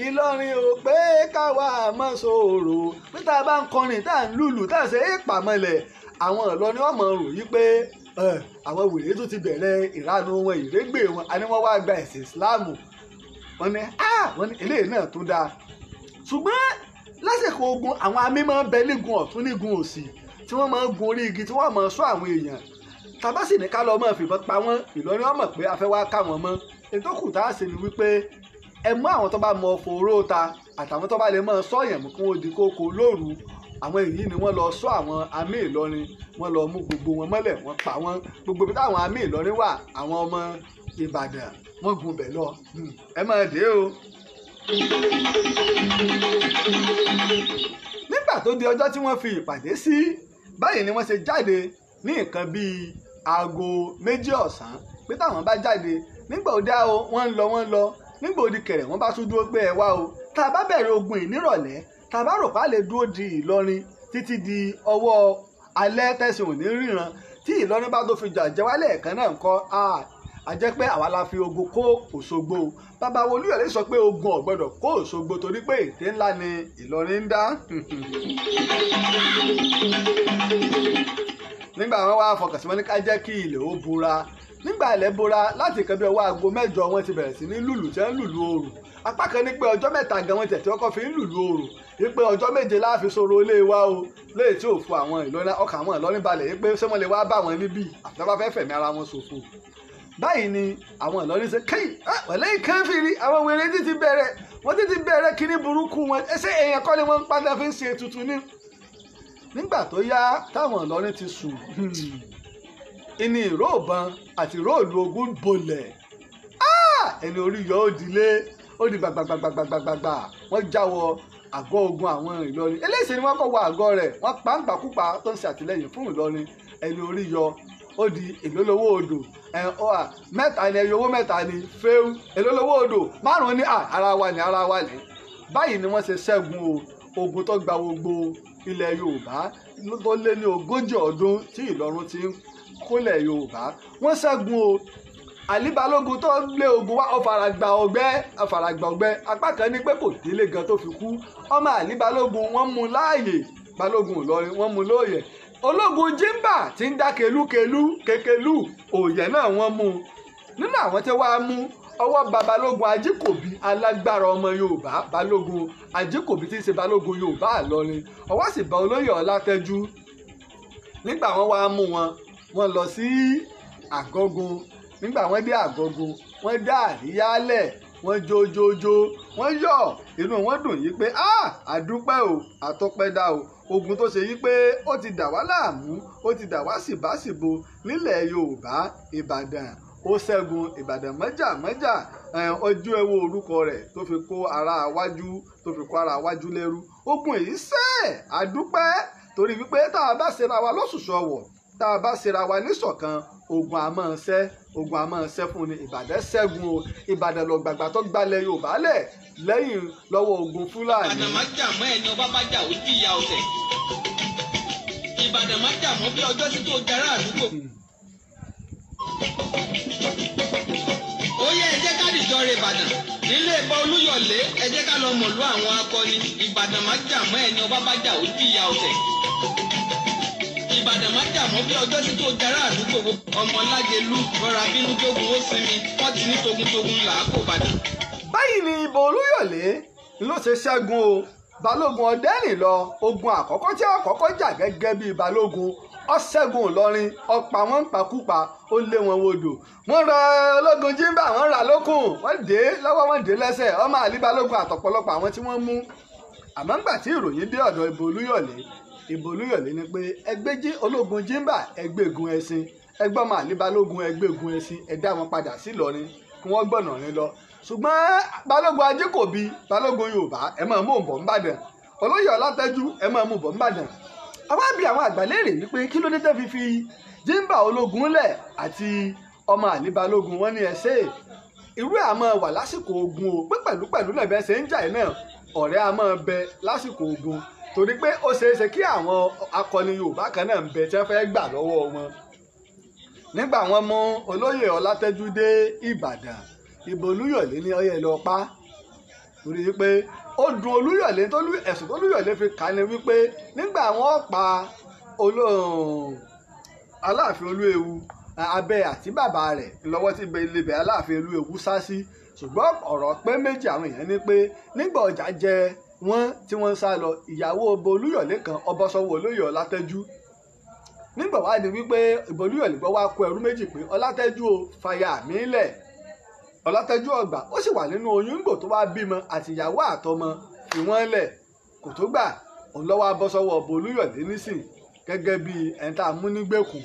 ìlọrin ò pé káwa mọ̀ sòrò pé tá a bá ń kọrin tá a ń lùlù tá a ṣe é pàmọ́lẹ̀ àwọn ìlọrin ọmọ rò yí pé àwọn wèrè tó ti bẹ̀rẹ̀ ìranu wọn ìrégbè wọn àní wọ́n wá gba ẹ̀sìn Islam wọ́n ní eléyìí náà tó dáa ṣùgbọ́n lásìkò ogun àwọn amí máa ń bẹ nígun ọ̀tún nígun òsì tí wọ́n máa ń gun orí igi tí wọ́n máa ń ṣọ́ àwọn èèyàn tàbá sì ní ká lọ mọ́ fìbọn pa wọ́n Ìlọrin ọmọ pé afẹ́ wá ká wọn mọ́ ètò kù tá a sì ní wípé ẹ mú àwọn tó bá mọ ọkọ̀ oró ta àtàwọn tó bá lè máa sọ èèyàn mú kí wọ́n di kókó lóru àwọn èyí ni wọ́n lọ sọ àwọn amí Ìlọrin wọ́n lọ mú gbogbo wọn mọ́lẹ̀ wọ́n pa wọ́n gbogbo bí táwọn amí Ìlọrin wà àwọn ọmọ Ìbàdàn wọ́n gun bẹ̀ lọ hmm, ẹ máa dé o nígbà tó di ọjọ́ tí wọ́n fi ìpàdé sí báyìí ni wọ́n ṣe jáde ní nǹkan bíi aago méjì ọ̀sán pé táwọn bá jáde nígbà ó dá o wọ́n ń lọ wọ́n ń lọ nígbà ó di kẹ̀rẹ̀ wọ́n bá tún dúró pé ẹ wá o tá a bá bẹ̀rẹ̀ ogun yìí tá a bá rò pa lè dúró di Ìlọrin títí di ọwọ́ alẹ́ tẹ̀sán òní ríran tí Ìlọrin bá tó fi jà jẹ́ wálé ẹ̀kan náà ń kọ́ a jẹ́ pé àwa la fi ogun kó Òṣogbo bàbá wo Olúyọ̀lé sọ pé ogun ò gbọ́dọ̀ kó Òṣogbo torí pé ète ńlá ni Ìlọrin ń dá nígbà wọn wá fọkàn sí wọn ní ká jẹ́ kí ilẹ̀ ó bora nígbà ilẹ̀ bora láti kan bí ọwọ́ aago mẹ́jọ wọn ti bẹ̀rẹ̀ sí ní lùlù tí wọ́n ń lùlù oòrùn apá kan ní pé ọjọ́ mẹ́ta gan wọn tẹ̀tí ọkọ̀ fi ń lùlù oòrùn ní pé ọjọ́ méje láàfin sọ̀rọ̀ ilé wa o léè tí ò fún àwọn Ìlọrin ọkàn àwọn Ìlọrin balẹ̀ yìí pé sẹ́wọ́n lè wá bá wọn níbí àtàwọn afẹ́fẹ́ mi ara wọn ṣòfò báyìí ni àwọn ìlọrin ṣe kéyì wẹ̀lẹ́ ìkẹ́fìrí àwọn wèrè títí bẹ̀rẹ̀ wọ́n títí bẹ̀rẹ̀ kíní burúkú wọn ṣé èèyàn kọ́ ni wọ́n ń padà fi ń ṣe tuntun ní. nígbà tó yá táwọn ìlọrin ti sùn ìní ìró ìbọn àti ìró ìlú ogun bolẹ̀ ẹni orí yọ ó dilé ó di gbàgbàgbàgbàgbàgbà wọ́n jáwọ́ àgọ́ ogun àwọn ìlọrin eléyìí ni wọ́n kọ́ wọ àgọ́ rẹ̀ wọ́n pa ń gbàkúpa tó ń ṣe àtìlẹ́yìn fún ìlọrin ẹni orí yọ ó di èlólówó odò ọ̀à mẹ́ta ni ẹyọ owó mẹ́ta ni fẹ́ẹ́rù èlólówó odò márùn-ún ní ara wa ní ara wa ní báyìí ni wọ́n ṣe ṣẹ́gun o ogun tó gba gbogbo ilẹ̀ yorùbá tó lé ní ogójì ọdún tí ìlọrin ti ń kólẹ̀ yorùbá wọ́n ṣẹ́gun o Àlí Balógun tó lé ogun wá ọ̀fàràgbà ọgbẹ́ ọ̀fàràgbà ọgbẹ́ apá kan ní pé kò délé gan tó fi kú ọmọ Àlí Balógun wọ́n mú láàyè Balógun Ìlọrin wọ́n mú lóòyè ológun jimba ti ń dá kelúkelú kékelú òòyẹ̀ náà wọ́n mú un nínú àwọn tí wàá mú ọwọ́ babalógun ajíkòbí alágbára ọmọ yorùbá balógun ajíkòbí tí í ṣe balógun yorùbá àlọrin ọwọ́ sì bá olóyè ọlátẹ́jú nígbà wọn wàá mú wọn wọn lọ sí àgọ́gun nígbà wọn dé àgọ́gun wọn dá àríyálẹ̀ wọn jójójó wọn yọ̀ inú wọn dùn yìí pé àdúpẹ́ o àtọpẹ́ dá o ogun tó ṣe yí pé ó ti dà wá láàmú ó ti dà wá síbáṣìbo nílẹ̀ yorùbá ìbàdàn ó ṣẹ́gun ìbàdàn mọ́jà mọ́jà ọjọ́ ẹ wo orúkọ rẹ̀ tó fi kó ara wájú tó fi kó ara wájú lẹ́rú ogun èyí sẹ́ẹ̀ àdúpẹ́ torí wípé tá a bá ṣera wa lọ́ṣùṣọ́ wọ̀ tá a bá ṣera wa níṣọ̀kan ogun àmọ́ ṣẹ́ ogun a máa ṣẹ́ fún ni ìbàdàn ṣẹ́gun o ìbàdàn lọ gbàgbà tó gbalẹ̀ yorùbá lẹ̀ lẹ́yìn lọ́wọ́ ogun fúlàní. ìbàdàn jà mọ́ ẹni ọba bá jà ó bí ìyá ọ̀tẹ̀ ìbàdàn má jà mọ́ bí ọjọ́ sí tó jara àdúgbò. ó yẹ ẹ jẹ́ ká dìjọ re ìbàdàn nílé ìbọn olúyọ̀lé ẹ ká lọ mọ̀lú àwọn akọni ìbàdàn má jà mọ́ ẹni ọba bá jà ó bí ìyá ọ̀tẹ̀ ìbàdàn má dààmú bí ọjọ́ tí tó jara àdúgbò ọmọ lágẹlú rọra bínú gbógun ó sinmi wọ́n ti ní togun là á kò bàdàn. báyìí ni ìbò olúyọ̀lé ló ṣe ṣẹ́gun o balógun ọ̀dẹ́rìn lọ ogun àkọ́kọ́ tí àkọ́kọ́ jà gẹ́gẹ́ bíi balógun ọ̀ṣẹ́gun ìlọrin ọ̀pá wọn ń pakúpa ó lé wọn wodò wọ́n ra ológun jíńbà wọ́n rà lókun wọ́n dé lọ́wọ́ wọ́n dé lẹ́sẹ̀ ọmọ àlí balógun àtọ̀pọ̀lọpọ̀ àwọn tí wọ́n mú àmọ́ ńgbà tí ìròyìn dé ọ̀dọ̀ ìbò olúyọ̀lé ìbò olúyọ̀lé ni pé ẹgbẹ́jì ológun jimba ẹgbẹ́gun ẹṣin ẹgbọ́n máa lé balógun ẹgbẹ́gun ẹṣin ẹ̀dá wọn padà sí Ìlọrin kí wọ́n gbọ̀nà rin lọ ṣùgbọ́n balógun Ajíkòbí balógun Yorùbá ẹ máa mú bọ̀ ńbàdàn olóyè Ọlátẹ́jú ẹ máa mú bọ̀ ńbàdàn àwọn àbí àwọn àgbà léèrè wípé kí ló dé tẹ́ fi fi jimba ológun lẹ̀ àti ọmọ àlè balógun wọn ní ẹsẹ̀ irú ẹ̀ àmọ́ wà lásìkò ogun o pé pẹ̀lú pẹ̀lú lẹ̀bẹ̀ ń jà ẹ̀ náà ọ̀rẹ́ àmọ́ bẹ lásìkò ogun torí pé ó ṣeéṣe kí àwọn akọni Yorùbá kan náà ń bẹ tí wọ́n fẹ́ gbà lọ́wọ́ wọn nígbà wọn mú olóyè Ọlátẹ́jú dé Ìbàdàn ìbò Olúyọ̀lé ní ọyẹ lọ pa torí pé ó dùn Olúyọ̀lé ẹ̀sùn tó Olúyọ̀lé fi kà ní wípé nígbà wọn pa Aláàfin Olúewu abẹ àti bàbá rẹ̀ lọ́wọ́ tí ilébẹ̀ Aláàfin Olúewu sá sí ṣùgbọ́n ọ̀rọ̀ pé méjì àwọn èèyàn ní pé nígbà ọjà jẹ wọ́n tí wọ́n ń sá lọ ìyàwó ọba olúyọ̀lé kan ọba sọ́wọ́ olóyè ọlátẹ́jú nígbà wá ni wípé ìbò olúyọ̀lé gbọ́ wá kó ẹrú méjì pé ọlátẹ́jú o fàyà mí lẹ̀ ọlátẹ́jú ọgbà ó sì wà nínú oyún gbò tó wá bímọ àti ìyàwó àtọmọ fi wọ́n lẹ̀ kò tó gbà òun lọ́wọ́ abọ́sọ́wọ́ ọba nísìn gẹ́gẹ́ bíi ẹ̀ńtà múnígbèkùn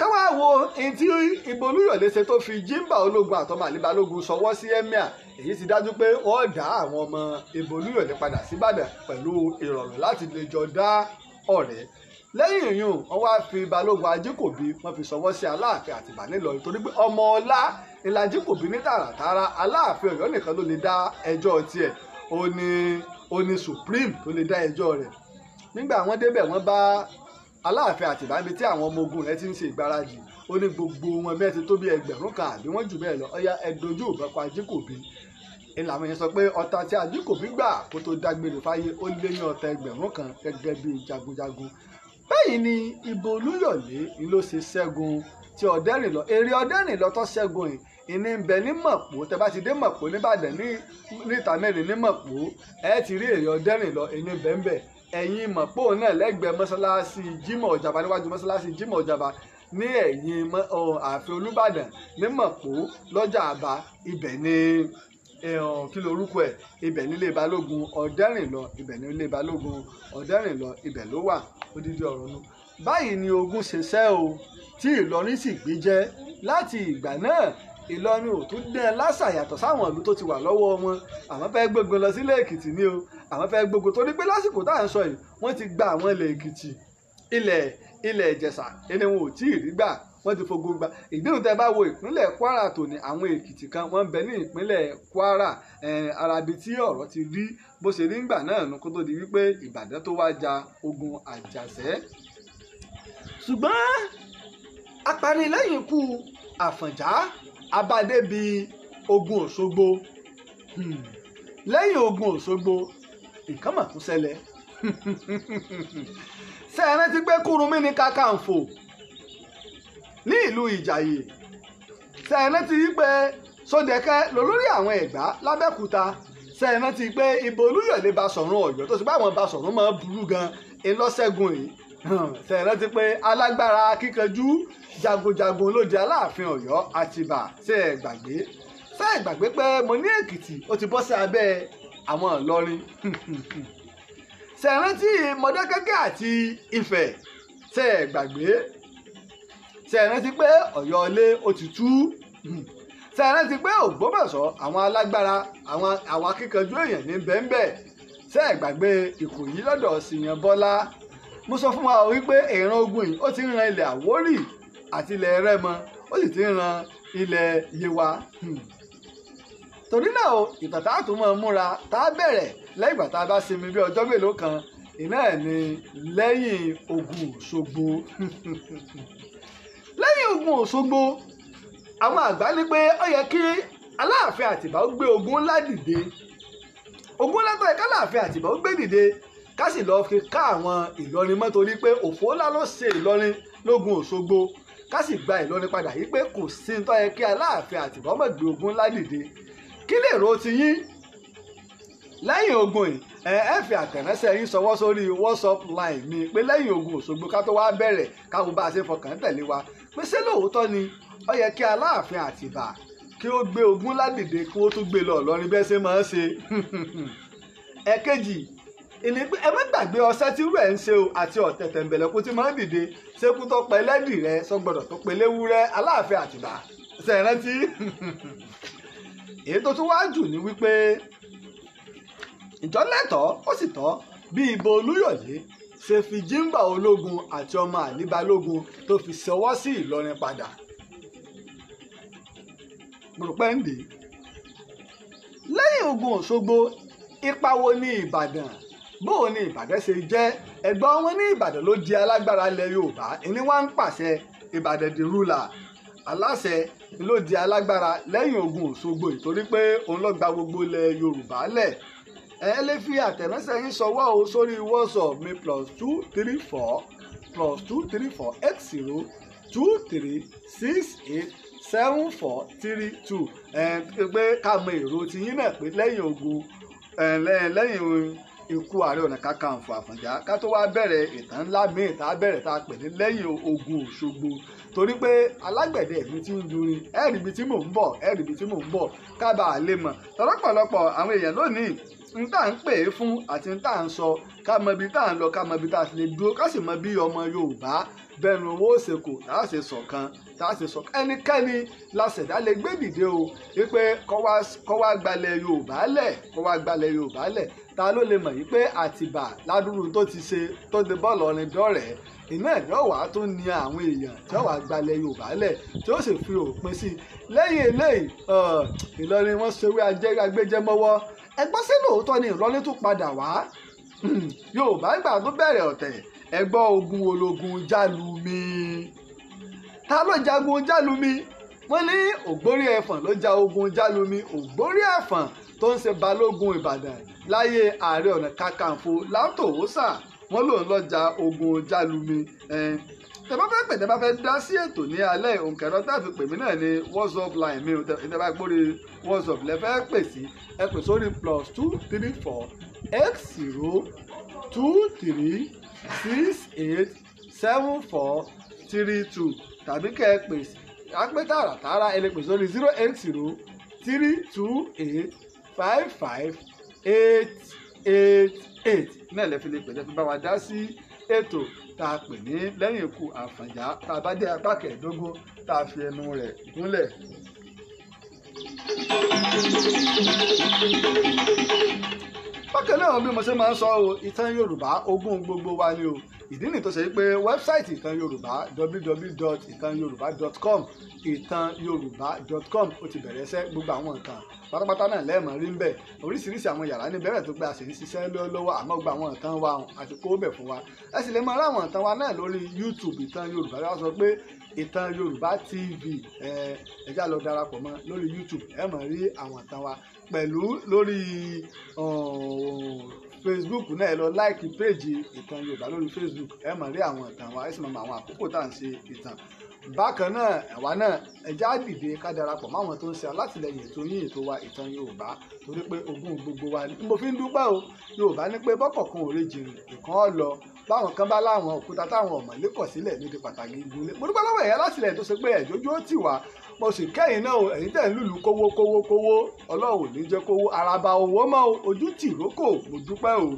káwá wo èyí tí ìbò olúyọ̀lé ṣe tó fi jímbà ológun àtọmọ àlébálógun sọwọ́ sí emir èyí ti dájú pé wọ́n dá àwọn ọmọ ìbò olúyọ̀lé padà síbàdàn pẹ̀lú ìrọ̀rùn láti lè jọ dá ọ̀rẹ́ lẹ́yìn ìyún wọ́n wá fi balógun ajíkòbí wọ́n fi sọwọ́ sí aláàfin àtìbà nílọrin torí pé ọmọ ọlá ìlà ajíkòbí ní tààràtàrà aláàfin ọ̀yọ́ nìkan ló lè dá ẹjọ́ tiẹ̀ ó ní ó ní supreme tó lè dá ẹjọ́ rẹ̀ nígbà wọ́n débẹ̀ wọ́n bá aláàfin àtìbá níbi tí àwọn ọmọ ogun rẹ̀ ti ń ṣe ìgbáradì ó ní gbogbo wọn bẹ́ẹ̀ ti tó bí ẹgbẹ̀rún kan àbí wọ́n jù bẹ́ẹ̀ lọ ọyá ẹdojú òbẹ̀kọ ajíkòbí ìlànà yẹn sọ pé ọ̀tá tí ajíkòbí gbà kó tó dágbére fáyé ó lé ní ọ̀tá ẹgbẹ̀rún kan gẹ́gẹ́ bí jagunjagun bẹ́ẹ̀ ni ìbò olúyọ̀lé ni ló ṣe ṣẹ́gun ti ọ̀dẹ́rìnlọ èrè ọ̀dẹ́rìnlọ tó ṣẹ́gun yìí ìní ń bẹ ní mọ̀pó tẹ bá ti dé mọ̀pó níbàdàn ní níta mẹ́rin ní mọ̀pó ẹ ti rí èrè ọ̀dẹ́rìnlọ ìní bẹ́ẹ̀ bẹ́ẹ̀ ẹ̀yìn mọ̀pó náà lẹ́gbẹ̀ẹ́ mọ́ṣáláṣí Jímọ̀ Ọ̀jàba níwájú mọ́ṣáláṣí Jímọ̀ Ọ̀jàba ní ẹ̀yìn ààfin Olúbàdàn ní mọ̀pó lọ́jà àbá ibẹ̀ ni kí lorúkọ ẹ̀ ibẹ̀ nílé Balógun Ọ̀dẹ́rìnlọ ibẹ̀ nílé Balógun Ọ̀dẹ́rìnlọ ibẹ̀ ló wà odidi ọ̀rọ̀ nu báyìí ni ogun ṣe ṣẹ́ o tí Ìlọrin sì gbé jẹ́ láti ìgbà náà Ìlọrin ò tún dẹ́ lásà yàtọ̀ sáwọn ìlú tó ti wà lọ́wọ́ wọn àmọ́ fẹ́ gbógun lọ sílé Èkìtì ni o àwọn fẹ́ gbógun torí pé lásìkò tá à ń sọ yìí wọ́n ti gba àwọn ilẹ̀ èkìtì ilẹ̀ ilẹ̀ ìjẹ̀ṣà ẹni wọn ò tí ì rí gbà wọ́n ti fogun gba ìgbéró tẹ́ bá wo ìpínlẹ̀ kwara tòní àwọn èkìtì kan wọ́n ń bẹ ní ìpínlẹ̀ kwara arabi tí ọ̀rọ̀ ti rí bó ṣe rí ńgbà náà nu kó tó di wípé ìbàdàn tó wá ja ogun àjàṣẹ́ ṣùgbọ́n apanilẹ́yìn ikú àfọ̀njá abadé bíi ogun òṣogbo hmm. lẹ́yìn ogun òṣogbo nǹkan mà tún ṣẹlẹ̀ ṣe é rántí pé Kúrúnmí ni Kakanfò ní ìlú Ìjàyè ṣe é rántí pé Sódẹkẹ lolórí àwọn Ẹ̀gbá lábẹ́kúta ṣe é rántí pé ìbò Olúyọ̀lé Basọ̀run Ọ̀yọ́ tó sì bá àwọn Basọ̀run máa burú gan ńlọ́sẹ̀gùn yìí hmm, ṣe é rántí pé alágbára kíkanjú jagunjagun ló di Aláàfin Ọ̀yọ́ Àtìbà ṣe é gbàgbé ṣe é gbàgbé pé mo ní Èkìtì ó ti bọ́ sí abẹ́ àwọn ìlọrin ṣèrántí mọdákẹ́kẹ́ àti ifẹ̀ ṣe é gbàgbé ṣèrántí pé ọ̀yọ́ ilé ó ti tú ṣèrántí pé ògbómọ̀ṣọ́ àwọn alágbára àwọn àwọn akíkanjú èèyàn ní bẹ́ńbẹ́ ṣe é gbàgbé ìkòyí lọ́dọ̀ ṣìyàn bọ́lá mo sọ fún wa wípé ìran ogun yìí ó ti ń ran ilẹ̀ àwórì àti ilẹ̀ rẹ́mọ ó sì ti ń ran ilẹ̀ yewa. Hmm torí náà o ìgbà tá a tún mọ̀ múra tá a bẹ̀rẹ̀ lẹ́yìn ìgbà tá a bá sinmi bí ọjọ́ mélòó kan iná ẹ̀ ni lẹ́yìn Ògún Òṣogbo lẹ́yìn Ògún Òṣogbo àwọn àgbà ní pé ó yẹ kí Aláàfin Àtìbá ó gbé ogun ńlá dìde ogun ńlá tó yẹ káláàfin Àtìbá ó gbé dìde ká sì lọ́ọ́ fi ká àwọn Ìlọrin mọ́ torí pé òfò ńlá ló ṣe Ìlọrin lógun Òṣogbo ká sì gba Ìlọrin padà yí pé kò sí ní tó yẹ kí Aláàfin Àtìbá ó má gbé ogun ńlá dìde kí lè ro ti yín lẹ́yìn ogun ẹ ẹ fi àtẹ̀ránṣẹ́ yín sọwọ́ sórí whatsapp line mi pé lẹ́yìn ogun Òṣogbo ká tó wá bẹ̀rẹ̀ káwọn bá a ṣe fọkàn tẹ̀lé wa pé ṣé lóòótọ́ ni ó yẹ kí Aláàfin Àtìbà kí ó gbé ogun ládìde kí ó tún gbé lọ Ìlọrin bẹ́ẹ̀ ṣe máa ń ṣe ẹ̀kejì ìní pé ẹ má gbàgbé ọṣẹ́ tí rẹ̀ ń ṣe o àti ọ̀tẹ̀ tẹ̀m̀bẹ̀lẹ̀kú tí máa ń dìde ṣékú tó pẹ́ lẹ́dì rẹ sọgbọ́dọ̀ tó pẹ́ léwúrẹ́ Aláàfin Àtìbà ṣẹ̀rántí èyí tó tún wá jù ni wípé ìjọlẹ́tọ̀ ó sì tọ́ bí ìbò olúyọ̀lé ṣe fi jíǹbà ológun àti ọmọ àlí balógun tó fi ṣọwọ́ sí ìlọrin padà gbòròpẹ́ǹdé lẹ́yìn ogun òṣogbo ipa wo ni ìbàdàn bóò ni ìbàdàn ṣe jẹ́ ẹ̀gbọ́n wọn ní ìbàdàn ló di alágbára ilẹ̀ yorùbá ìní wá ń pàṣẹ ìbàdàn di rúlà aláṣẹ ló di alágbára lẹ́yìn ogun Òṣogbo ìtorí pé òun ló gba gbogbo ilẹ̀ Yorùbá lẹ̀ ẹ lè fi àtẹ̀ránṣẹ́ yín ṣọwọ́ o sórí WhatsApp mi plus two three four plus two three four eight zero two three six eight seven four three two ẹ pé ká mọ èrò tiyín náà pé lẹ́yìn ogun lẹ́yìn ikú ààrẹ ọ̀nà kakanfò àfọ̀njá ká tó wá bẹ̀rẹ̀ ìtàn ńlá míì tá a bẹ̀rẹ̀ tá a pè ní lẹ́yìn ogun Òṣogbo torí pé alágbẹ̀dẹ mi ti ń durin ẹ̀rì ibi tí mò ń bọ̀ ẹ̀rì ibi tí mò ń bọ̀ kábà lè mọ̀ tọ́lọ́pọ̀lọpọ̀ àwọn èèyàn lónìí n tá ń pè é fún àti n tá ń sọ ká mọ ibi tá ń lọ ká mọ ibi tá a ti lè dúró ká sì mọ bí ọmọ Yorùbá bẹnu owó òsèkò tá a ṣe ṣọ̀kan tá a ṣe ṣọ̀kan ẹnikẹ́ni la ṣẹ̀dá lè gbé dìde o wípé kọ́ wá gbalẹ̀ Yorùbá lẹ̀ kọ́ wá gbalẹ̀ Yorùbá lẹ̀ ta ló lè mọ̀ yìí pé àtìbà ládùúrú tó ti ṣe tó di bọ́ọ̀lù ọ̀rìn dọ́rẹ̀ẹ́ iná ìjọwà tó ní àwọn èèyàn ìjọwà gbalẹ̀ yorùbá lẹ̀ tí ó sì fi òpin sí i lẹ́yìn eléyìí ìlọrin wọn ṣèwé ajẹ́gbẹ́jẹ́mọ́wọ́ ẹgbọ́n sí lóòótọ́ ni ìlọrin tún padà wá hmm, yorùbá ìgbà tó bẹ̀rẹ̀ ọ̀tẹ̀ ẹgbọ́n ogun ológun jálumi ta ló jagun jálumi wọ́n ní ògbórí ẹ̀fọ̀n ló ja ogun jálumi ògbórí ẹ̀fọ̀n tó ń ṣe balógun ìbàdàn láyé ààrẹ ọ̀nà kakanfò látòwòsà wọn lòun lọ́jà ogun jálumi tẹ́bá fẹ́ pè tẹ́bá fẹ́ dá sí ètò ní alẹ́ òǹkẹ̀rọ tẹ́fì pèmí náà ní whatsapp line mi ò tẹ́bá gbórí whatsapp lẹ́fẹ́ pè sí ẹ pè sórí plus two three four x zero two three six eight seven four three two tàbí kẹ́ ẹ pè sí àpè tààràtààrà ẹ lè pè sórí zero eight zero three two eight five five eight eight eight náà lẹ́fi lè pẹ̀lẹ́ fi bá wa dá sí ètò tá a pè ní lẹ́yìn ikú àfàjá tá a bá dé apá kẹẹ̀ẹ́dógún tá a fi ẹnu rẹ̀ gúnlẹ̀. bákan náà bí mo ṣe máa ń sọ o ìtàn Yorùbá ogún gbogbo wa ni o ìdí nìyí tó ṣe pé wẹ́bsáìtì ìtàn yorùbá www.itanyoruba.com itanyoruba.com ó ti bẹ̀rẹ̀ iṣẹ́ gbogbo àwọn nǹkan pátápátá náà lẹ́ẹ̀mọ́ rí ń bẹ̀ oríṣiríṣi àwọn yàrá ní bẹ̀rẹ̀ tó pé a sì ń ṣiṣẹ́ lọ́wọ́ àmọ́ gba àwọn nǹkan wa àti kó bẹ̀ fún wa ẹ sì lè máa rá àwọn nǹkan wa náà lórí youtube ìtàn yorùbá wá sọ pé ìtàn yorùbá tv ẹ ẹ já lọ darapọ̀ mọ́ lórí youtube ẹ máa rí àwọn nǹkan wa pẹ̀lú lórí facebook náà ẹ lọ láìkì péèjì ìtàn yorùbá lórí facebook ẹ máa rí àwọn ìtàn wa ẹ sì máa mọ àwọn àkókò tá à ń ṣe ìtàn bákan náà àwa náà ẹjẹ́ á dìde ká darapọ̀ máwọn tó ń ṣe alátìlẹyìn ètò yín ètò wa ìtàn yorùbá torí pé ogún gbogbo wa ni mo fi ń dúpẹ́ o yorùbá ní pé bọ́kọ̀ọ̀kan ò rejì ìkan ọ̀ lọ báwọn kan bá láwọn òkúta táwọn ọ̀mọ̀lé kọ̀ sílẹ̀ ló di pàtàkì ìgbónlé mo dúpẹ́ lọ́wọ́ ẹ̀yà látìlẹ̀ tó ṣe pé ẹ̀jọ́jú ó tì wá mo sì kẹ́yìn náà ẹ̀yìn tẹ̀ ń lùlù kówó kówó kówó ọlọ́run ò ní jẹ́ kówó araba owó mọ́ o ojú tì rókò mo dúpẹ́ o.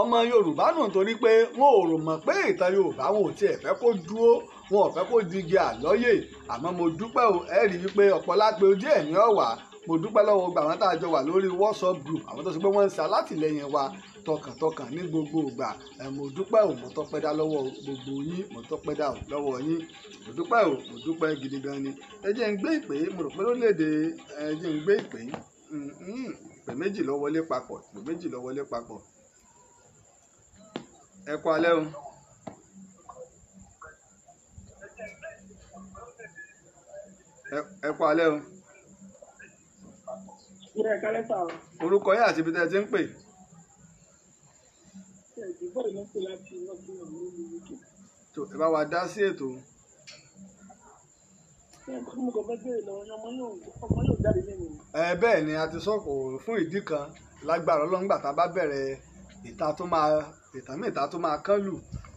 ọmọ yorùbá nù torí pé wọn ò rò mọ̀ pé ìtàn yorùbá wọn ò tiẹ̀ fẹ́ kó dúró wọn ò fẹ́ kó digi àlọ́yè àmọ́ mo dúpẹ́ o ẹ rí i pé ọ̀pọ̀ lápẹ́ ojú ẹ̀mí ọ̀wà mo dúpẹ́ lọ́wọ́ gbogbo àwọn tá a jọ wà lórí WhatsApp group àwọn tó ṣe pé wọ́n ń sa látìlẹ́yìn wa tọkàntọkàn ní gbogbo ìgbà ẹ mo dúpẹ́ o mo tọ́pẹ́ dá lọ́wọ́ gbogbo yín mo tọ́pẹ́ dá lọ́wọ́ yín mo dúpẹ́ o mo dúpẹ́ gidi gan ni ẹ jẹ́ ń gbé ìpè mo rò pé lórílẹ̀‐èdè ẹ jẹ́ ń gbé ìpè mm-hmm. ìpè méjì ló wọlé papọ̀ ìpè méjì ló wọlé papọ̀ ẹ kú alẹ́ o. ẹ kú alẹ́ o. ìrẹ̀ kálẹ́ sà o. orúkọ yẹn àti ibi tẹ́ ẹ ti ń pè. tó ẹ bá wa dá sí ètò. ẹ bẹ́ẹ̀ ni a ti sọ̀kò fún ìdí kan lágbára ọlọ́ngbà tá a bá bẹ̀rẹ̀ ìta tó máa ìtàmì ìta tó máa kán lù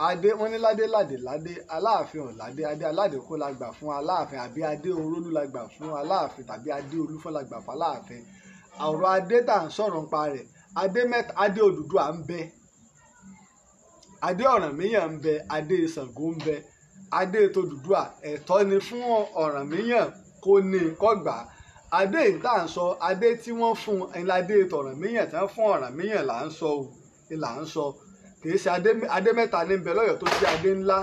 adé wọn ní ládé ládé ládé aláàfin ọ̀ládé adé aládékó la gbà fún aláàfin àbí adé orólú la gbà fún aláàfin tàbí adé olúfọ́ la gbà fún aláàfin ọ̀rọ̀ adé tà ń sọ̀rọ̀ nípa rẹ̀ adé mẹ́ta adé Odùduwà ń bẹ adé Ọ̀rànmíyàn ń bẹ adé Ṣàngó ń bẹ adé ètò Odùduwà ẹ̀tọ́ ni fún Ọ̀rànmíyàn kó ní kọ́gbà adé yìí tá à ń sọ adé tí wọ́n fún ẹ̀ńlá adé ètò Ọ̀rànmíyàn tí wọ́n fún Ọ̀rànmíyàn là ń sọ là ń sọ kì ṣe adé mẹ́ta ní bẹ lọ́yọ̀ tó jẹ́ adé ńlá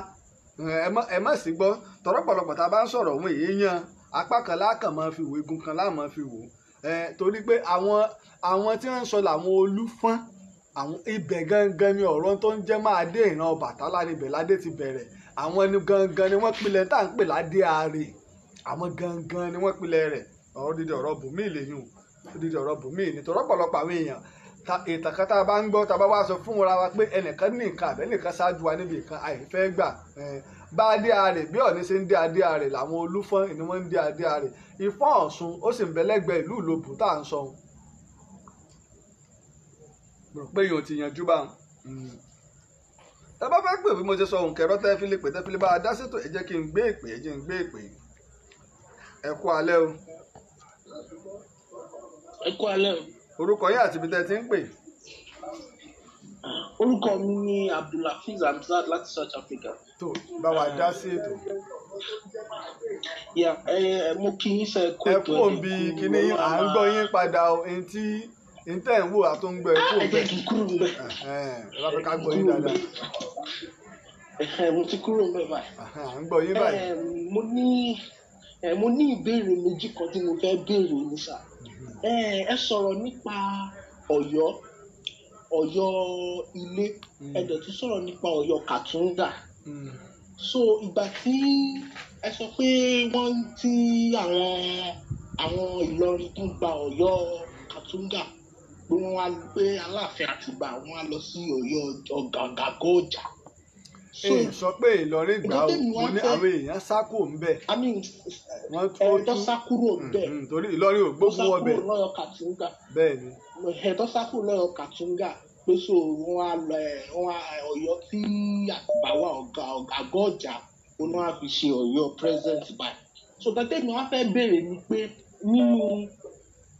ẹ má sì gbọ́ tọ́rọ́pọ̀lọpọ̀ tá a bá ń sọ̀rọ̀ òun èyí yan apá kan láàkàn máa fi wò igun kan láà máa fi wò ẹ torí pé àwọn àwọn tí wọ́n ń sọ làwọn olúfọ́n àwọn ibẹ̀ gangan ni ọ̀rọ̀ tó ń jẹ́ máa dé ìran Ọbàtálá níbẹ̀ ládé ti bẹ̀rẹ̀ àwọn ni gangan ni wọ́n pilẹ̀ tá à ń pè ládé ààrẹ àwọn gangan ni wọ́n pilẹ̀ rẹ̀ ọ̀rọ̀ dídì ọ̀rọ̀ bùnmí lèyìn o dídì ọ̀rọ̀ bùnmí ni tọ́rọ́pọ̀lọpọ̀ àwọn èèyàn ìtàn tá bá ń gbọ́ tá bá wá sọ fún wa pé ẹnìkan ní nǹkan àbẹ́ nìkan ṣáájú wa níbi nǹkan àìfẹ́ gbà bá a dé ààrẹ bí ọ̀ní ṣe ń dé ààrẹ làwọn olúfọ́n ni wọ́n ń dé adé ààrẹ ìfọ́n ọ̀ṣun ó sì ìlú ń sọ rò pé yóò ti yanjú bá hmm. bá fẹ́ pè bí mo ṣe sọ pé bá dá sétò ẹ jẹ́ kí n gbé ìpè ẹ jẹ́ n gbé ìpè orúkọ yín àti ibi tẹ́ ti ń pè. orúkọ mi ni abdulhafiz hamzat láti south africa. tó bá wa dá sí ètò. yà ẹ ẹ mo kí yín sẹ kó ètò ẹ. ẹ kú òǹbí kíní à ń gbọ́ yín padà ohun tí n tẹ́ ń wò á tó ń gbọ́ ẹ kú òǹbí. Ah, ẹ kúrò ń bẹ̀. ẹ ká gbọ́ yín dáadáa mo ti kúrò ń bẹ báyìí. mo ní ìbéèrè méjì kan tí mo fẹ́ béèrè ní sáà ẹ sọ̀rọ̀ nípa Ọ̀yọ́ Ọ̀yọ́ ilé hmm. ẹ dẹ̀ tún sọ̀rọ̀ nípa Ọ̀yọ́ Kàtúndà hmm. so ìgbà tí ẹ sọ pé wọ́n ti àwọn àwọn Ìlọrin tó gba Ọ̀yọ́ Kàtúndà pé wọ́n wá pé Aláàfin Àtìbà wọ́n á lọ sí Ọ̀yọ́ Ọ̀gàgàgọ́jà so èyí sọ pé ìlọrin gbà ó mo ní àwọn èèyàn sá kò ń bẹ wọn eh, tó tú ẹ̀ẹ́dọ́ sá kúrò ń bẹ mm-hmm, torí ìlọrin ò gbógun wọn bẹ bẹ́ẹ̀ ni ẹ̀ẹ́dọ́ sá kúrò lọ́yọ̀ kàtúngà pé so wọn á lọ ẹ eh, wọn á eh, Ọ̀yọ́ tí àbáwá ọ̀gá àgọ́ ọjà òun á fi ṣe Ọ̀yọ́ present by so tẹ́tẹ́ mi wá fẹ́ béèrè ni pé nínú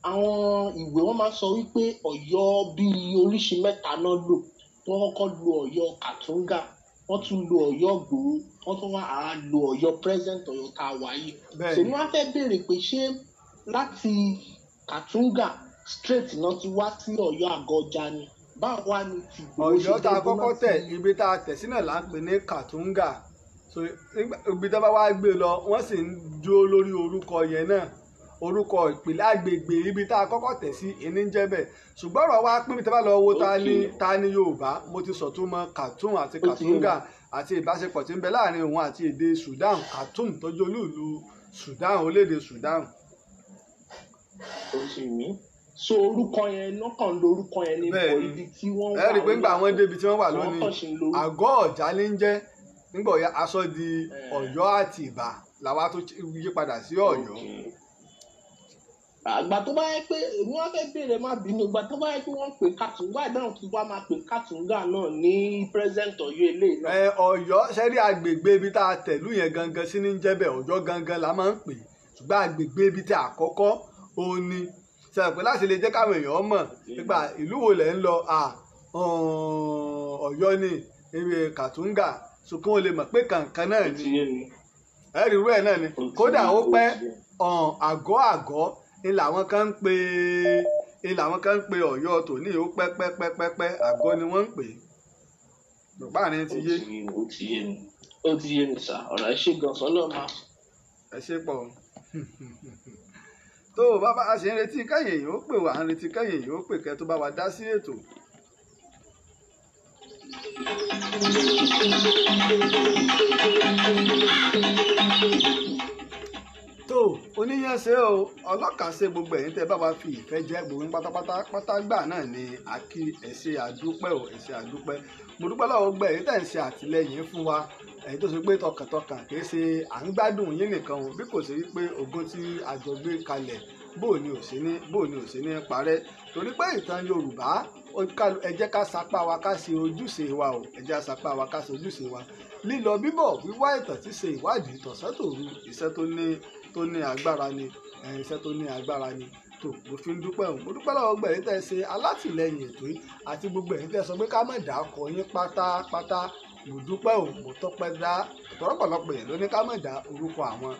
àwọn ìwé wọn máa sọ wípé Ọ̀yọ́ bíi oríṣi mẹ́ta náà lò wọn kọ́kọ́ lo Ọ̀yọ́ kàtúngà wọ́n tún lo ọ̀yọ́ gbòó wọ́n tún wá àá lo ọ̀yọ́ present ọ̀yọ́ tá a wà yìí sèmi wá fẹ́ béèrè pé ṣé láti Katunga straight náà ti wá sí ọ̀yọ́ àgọ́jà ni báwo wá ni ti gbòó ṣe dé ọ̀yọ́ tá kọ́kọ́ tẹ̀ ibi ta a tẹ̀ sínú là ń pè ní Katunga ibi tá a bá wá gbé lọ wọ́n sì ń dúró lórí orúkọ yẹn náà orúkọ ìpìlẹ̀ agbègbè ibi tá a kọ́kọ́ tẹ̀ sí ẹni ń jẹ́ bẹ́ẹ̀ ṣùgbọ́n ọ̀rọ̀ wa pín mi tí a bá lọ wo ta ni ta ni Yorùbá mo ti sọ̀túnmọ́ Khartoum àti Katunga àti ìbáṣepọ̀ tí ń bẹ láàrin òun àti èdè Sudan Khartoum tó jẹ́ olúùlú Sudan orílẹ̀-èdè Sudan. so orúkọ yẹn lọ́kàn lórúkọ yẹn ní bọ̀ ibi tí wọ́n wà lónìí. ẹ rí i pé ńgbà wọn débi tí wọ́n wà lónìí àgọ́ ọ̀já ló ń jẹ́ nígbà ọ̀yá aṣọ di eh. Ọ̀yọ́ àti Ìbà làwa tó yí padà sí Ọ̀yọ́. Okay àgbà tó bá yẹ pé wọ́n fẹ́ bèrè má bínú ìgbà tó bá yẹ pé wọ́n pè kàtúngà náà tí wọ́n máa pè kàtúngà náà ní president Ọ̀yọ́ eléyìí náà. ẹ Ọ̀yọ́ sẹrí agbègbè ibi tá a tẹ̀lú yẹn gangan sí ní jẹ́bẹ̀ Ọ̀yọ́ gangan la máa ń pè ṣùgbọ́n agbègbè ibi tá a òun ni sẹpẹ láti lè jẹ́ káwọn èèyàn mọ̀ nípa ìlú wo lẹ ń lọ Ọ̀yọ́ ni ewé kàtúngà so kí wọ́n lè mọ̀ pé kankan náà ni ẹ rí irú ẹ náà ni kódà ó pẹ́ àgọ́ àgọ́ ń làwọn kan ń pè ń làwọn kan ń pè ọ̀yọ́ tòní ó pẹ́pẹ́pẹ́pẹ́ àgọ́ ni wọ́n ń pè bàbá rẹ ti yé. ó ti yé mi ó ti yé mi sà ọ̀rọ̀ ẹ ṣe gan sọ́lọ́ ma. ẹ ṣe pọ̀ tó o bá bá a ṣe ń retí kẹ́yìn èyí ó pè wá ń retí kẹ́yìn èyí ó pè kẹ́ tó bá wa dá sí ètò. Thank you tó oníyanṣe o ọlọ́kàṣe gbogbo ẹ̀yin tẹ́ bá wa fi ìfẹ́ jẹ́ gbogbo pátápátá pátágbà náà ni àkí ẹ̀ṣẹ̀ àdúpẹ́ o ẹ̀ṣẹ̀ àdúpẹ́ mo dúpẹ́ lọ́wọ́ gbogbo ẹ̀yin tẹ́ ń ṣe àtìlẹ́yìn fún wa ẹ̀yin tó ṣe pé tọkàntọkàn kì í ṣe à ń gbádùn yín nìkan o bí kò ṣe wípé ogún tí a jọ gbé kalẹ̀ bó ni ò sí ní bó ni ò sí ní parẹ́ torí pé ìtàn Yorùbá ẹ jẹ́ ká sapá wa ká ṣe ojúṣe wa o ẹ ká sapá wa ká ṣe ojúṣe wa lílọ bíbọ̀ wíwá ìtàn ti ṣe ìwádìí tọ̀sán tòru tó ní tó ní agbára ni iṣẹ́ tó ní agbára ni tó mo fi ń dúpẹ́ òun mo dúpẹ́ lọ́wọ́ gbogbo ẹ̀yin tẹ́ ṣe alátìlẹyìn ètò yìí àti gbogbo ẹ̀yin tẹ́ sọ pé ká má dàákọ yín pátápátá mo dúpẹ́ òun mo tọpẹ́ dá tọ́rọ́pọ̀lọpọ̀ yẹn ló ní ká má dá orúkọ àwọn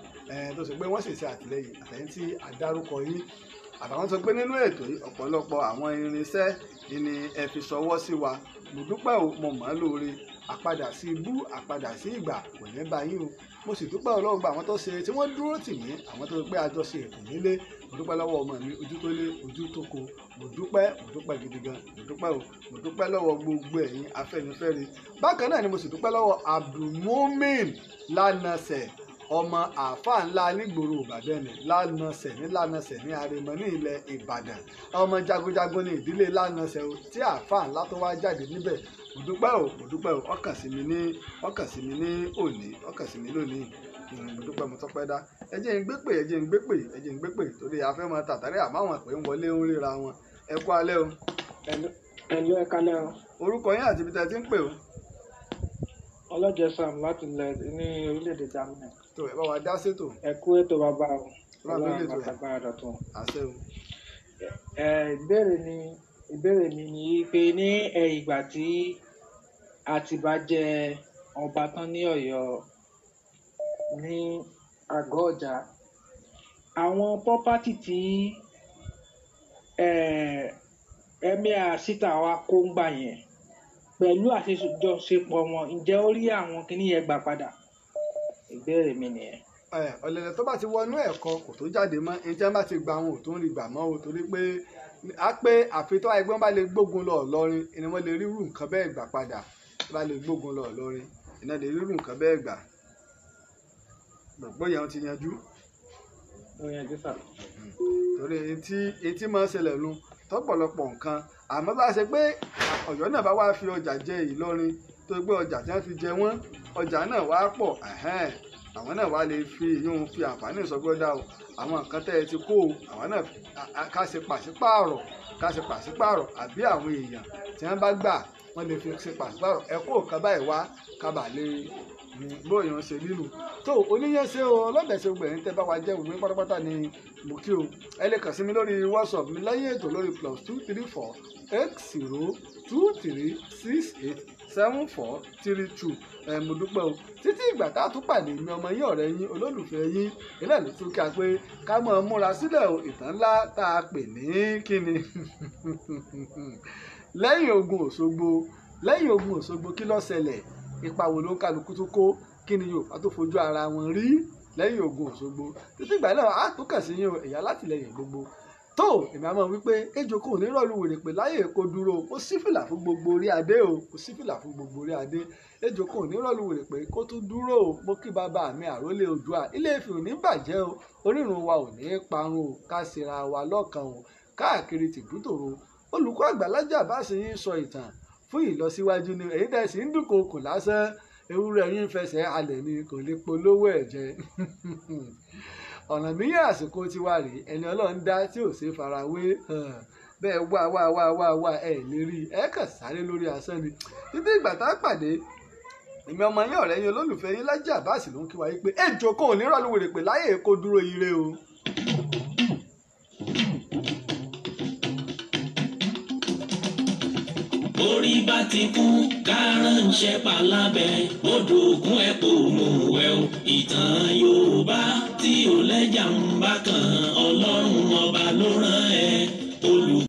tó ṣe pé wọ́n sì ṣe àtìlẹyìn àtẹ̀yìn tí àdárúkọ yín àtàwọn sọ pé nínú ètò yìí ọ̀pọ̀lọpọ̀ àwọn irinṣẹ́ ni ẹ fi ṣọwọ́ sí wa mo dúpẹ́ òun mo mọ̀ lóore àpadà sí ibú àpadà sí ìgbà kò ní bá yín o mo sì dúpẹ́ ọlọ́run gba àwọn tó ṣe tí wọ́n dúró tì mí àwọn tó pé àjọṣe kò nílé mo dúpẹ́ lọ́wọ́ ọmọ mi ojú tó lé ojú tó ko mo dúpẹ́ mo dúpẹ́ gidi gan mo dúpẹ́ o mo dúpẹ́ lọ́wọ́ gbogbo ẹ̀yin afẹ́nifẹ́re bákan náà ni mo sì dúpẹ́ lọ́wọ́ abdulmumin lánàṣẹ ọmọ àáfàá ńlá nígboro ìbàdàn ni lánàṣẹ ní lánàṣẹ ní arẹmọ ní ilẹ̀ ìbàdàn ọmọ jagunjagun ní ìdílé lánàṣẹ tí àáfàá ńlá tó wá jáde níbẹ̀ mo dúpẹ́ o mo dúpẹ́ o ọkàn sí mi ní ọkàn sí mi ní òní ọkàn sí mi lónìí mo dúpẹ́ mo tọ́pẹ́ dá ẹ jẹ́ n gbé pè ẹ jẹ́ n gbé pè ẹ jẹ́ n gbé pè torí afẹ́ máa tàtàrí àmọ́ àwọn àpè ń wọlé ń ríra wọn ẹ kú alẹ́ o. ẹ̀lú ẹ kalẹ́ o. orúkọ yín àti ibi tẹ́ ẹ ti ń pè o. ọlọ́jẹ sam láti lẹ ní orílẹ̀-èdè Germany. tó ẹ bá wa dá sétò. ẹ kú ètò bàbá o. ọlọ́run bàbá àdọ̀tún. àṣẹ o. ẹ ìbéèrè mi ìbéèrè mi ni pé ní ìgbà tí Àtìbà jẹ ọba tán ní Ọ̀yọ́ ní àgọ́ ọ̀jà. Àwọn pọ́pátì tí eh, Emir Sítà wa kó ńgbà yẹn pẹ̀lú àjọṣepọ̀ wọn ǹjẹ́ ó rí àwọn kinní yẹn gbà padà? Ìbéèrè mi nìyẹn eh, ọ̀lẹ̀lẹ̀ tó bá ti wọnú ẹ̀kọ́ kò tó jáde mọ́ ẹni tí wọ́n bá ti gba àwọn òtún rí gbà mọ́ o torí pé a pé àfitọ́ ẹgbẹ́ wọn bá lè gbógun lọ Ìlọrin ni wọ́n lè rí irú nǹkan bẹ́ẹ̀ gbà padà tó bá lè gbógun lọ lọrin iná lè rírun nǹkan bẹ́ẹ̀ gbà gbọ́dọ̀ yẹn ti yanjú. ó yanjú sà. torí etí etí máa ń ṣẹlẹ̀ lu tọ́pọ̀lọpọ̀ nǹkan àmọ́ bá a ṣe pé Ọ̀yọ́ náà bá wá fi ọjà jẹ Ìlọrin tó gbé ọjà tí wọ́n fi jẹ wọ́n ọjà náà wá pọ̀ àwọn náà wá lè fi ìyún fi àǹfààní ìsọgbọ́dá o àwọn nǹkan tẹ́ ẹ ti kó o àwọn náà ká ṣe pàṣípààrọ̀ ká ṣe pàṣípààrọ̀ àbí àwọn èèyàn tí wọ́n bá gbà wọ́n lè fi ṣe pàṣípààrọ̀ ẹ̀kọ́ kan báyìí wá kábà lè mm, bóyàn ṣe nílù tó oníyẹnṣe o ọlọ́dẹ̀ṣe gbẹ̀yìn tẹ́ bá wa jẹ́ òwe pátápátá ni mo kí o ẹ lè kàn sí mi lórí whatsapp mi lẹ́yìn ètò lórí plus two three four eight zero two three six eight seven four three two ẹ mo dúpẹ́ o títí ìgbà tá a tún pàdé mi ọmọ yín ọ̀rẹ́ yín olólùfẹ́ yín ilé ló tún kí a pé ká mọ̀ ọ́ múra sílẹ̀ ìtàn ńlá tá a pè ní kíni lẹ́yìn ogun òṣogbo lẹ́yìn ogun òṣogbo kí ló ṣẹlẹ̀ ipa wo ló ń kálukú tó kó kí ni yorùbá tó fojú ara wọn rí lẹ́yìn ogun òṣogbo títí ìgbà náà á tó kàn sí yín o ẹ̀yà látìlẹyìn gbogbo tó èmi àmọ́ wípé ejò kò ní rọ́ọ̀lù wèrè pé láyé èkó dúró ó sí fìlà fún gbogbo orí adé o ó sí fìlà fún gbogbo orí adé ejò kò ní rọ́ọ̀lù wèrè pé kó tún dúró o mo kí bàbá mi àrólé Oòduà ilé Ifẹ̀ ò ní bàjẹ́ o orírun wa ò ní parun o ká ṣera wa lọ́kàn o káàkiri tìbútòrò olùkọ́ àgbà Laji Abbas ń sọ ìtàn fún ìlọsíwájú ni èyí tẹ̀ sí ń dúnkokò lásán ewúrẹ́ yín fẹsẹ̀ halẹ̀ ni kò lè polówó ẹ̀ jẹ ọ̀nà míyàn àsìkò ti wà rèé ẹni ọlọ́run dá tí ò ṣe farawé bẹ́ẹ̀ wá wá wá wá wá ẹ̀ lérí ẹ̀ kàn sáré lórí asán ni títí ìgbà tá a pàdé èmi ọmọ yín ọ̀rẹ́ yín olólùfẹ́ yín Laji Abbas ló ń kí wa pé ẹ jókòó nírọ̀lú wèrè pé láyé èkó dúró ire o. borí bá ti kú kárànṣẹ́ palábẹ́ odò ògùn ẹ̀pọ̀ òmùwẹ̀ o ìtàn Yorùbá tí ò lẹ́jà ń bá kan ọlọ́run ọba ló rán ẹ olùkọ́.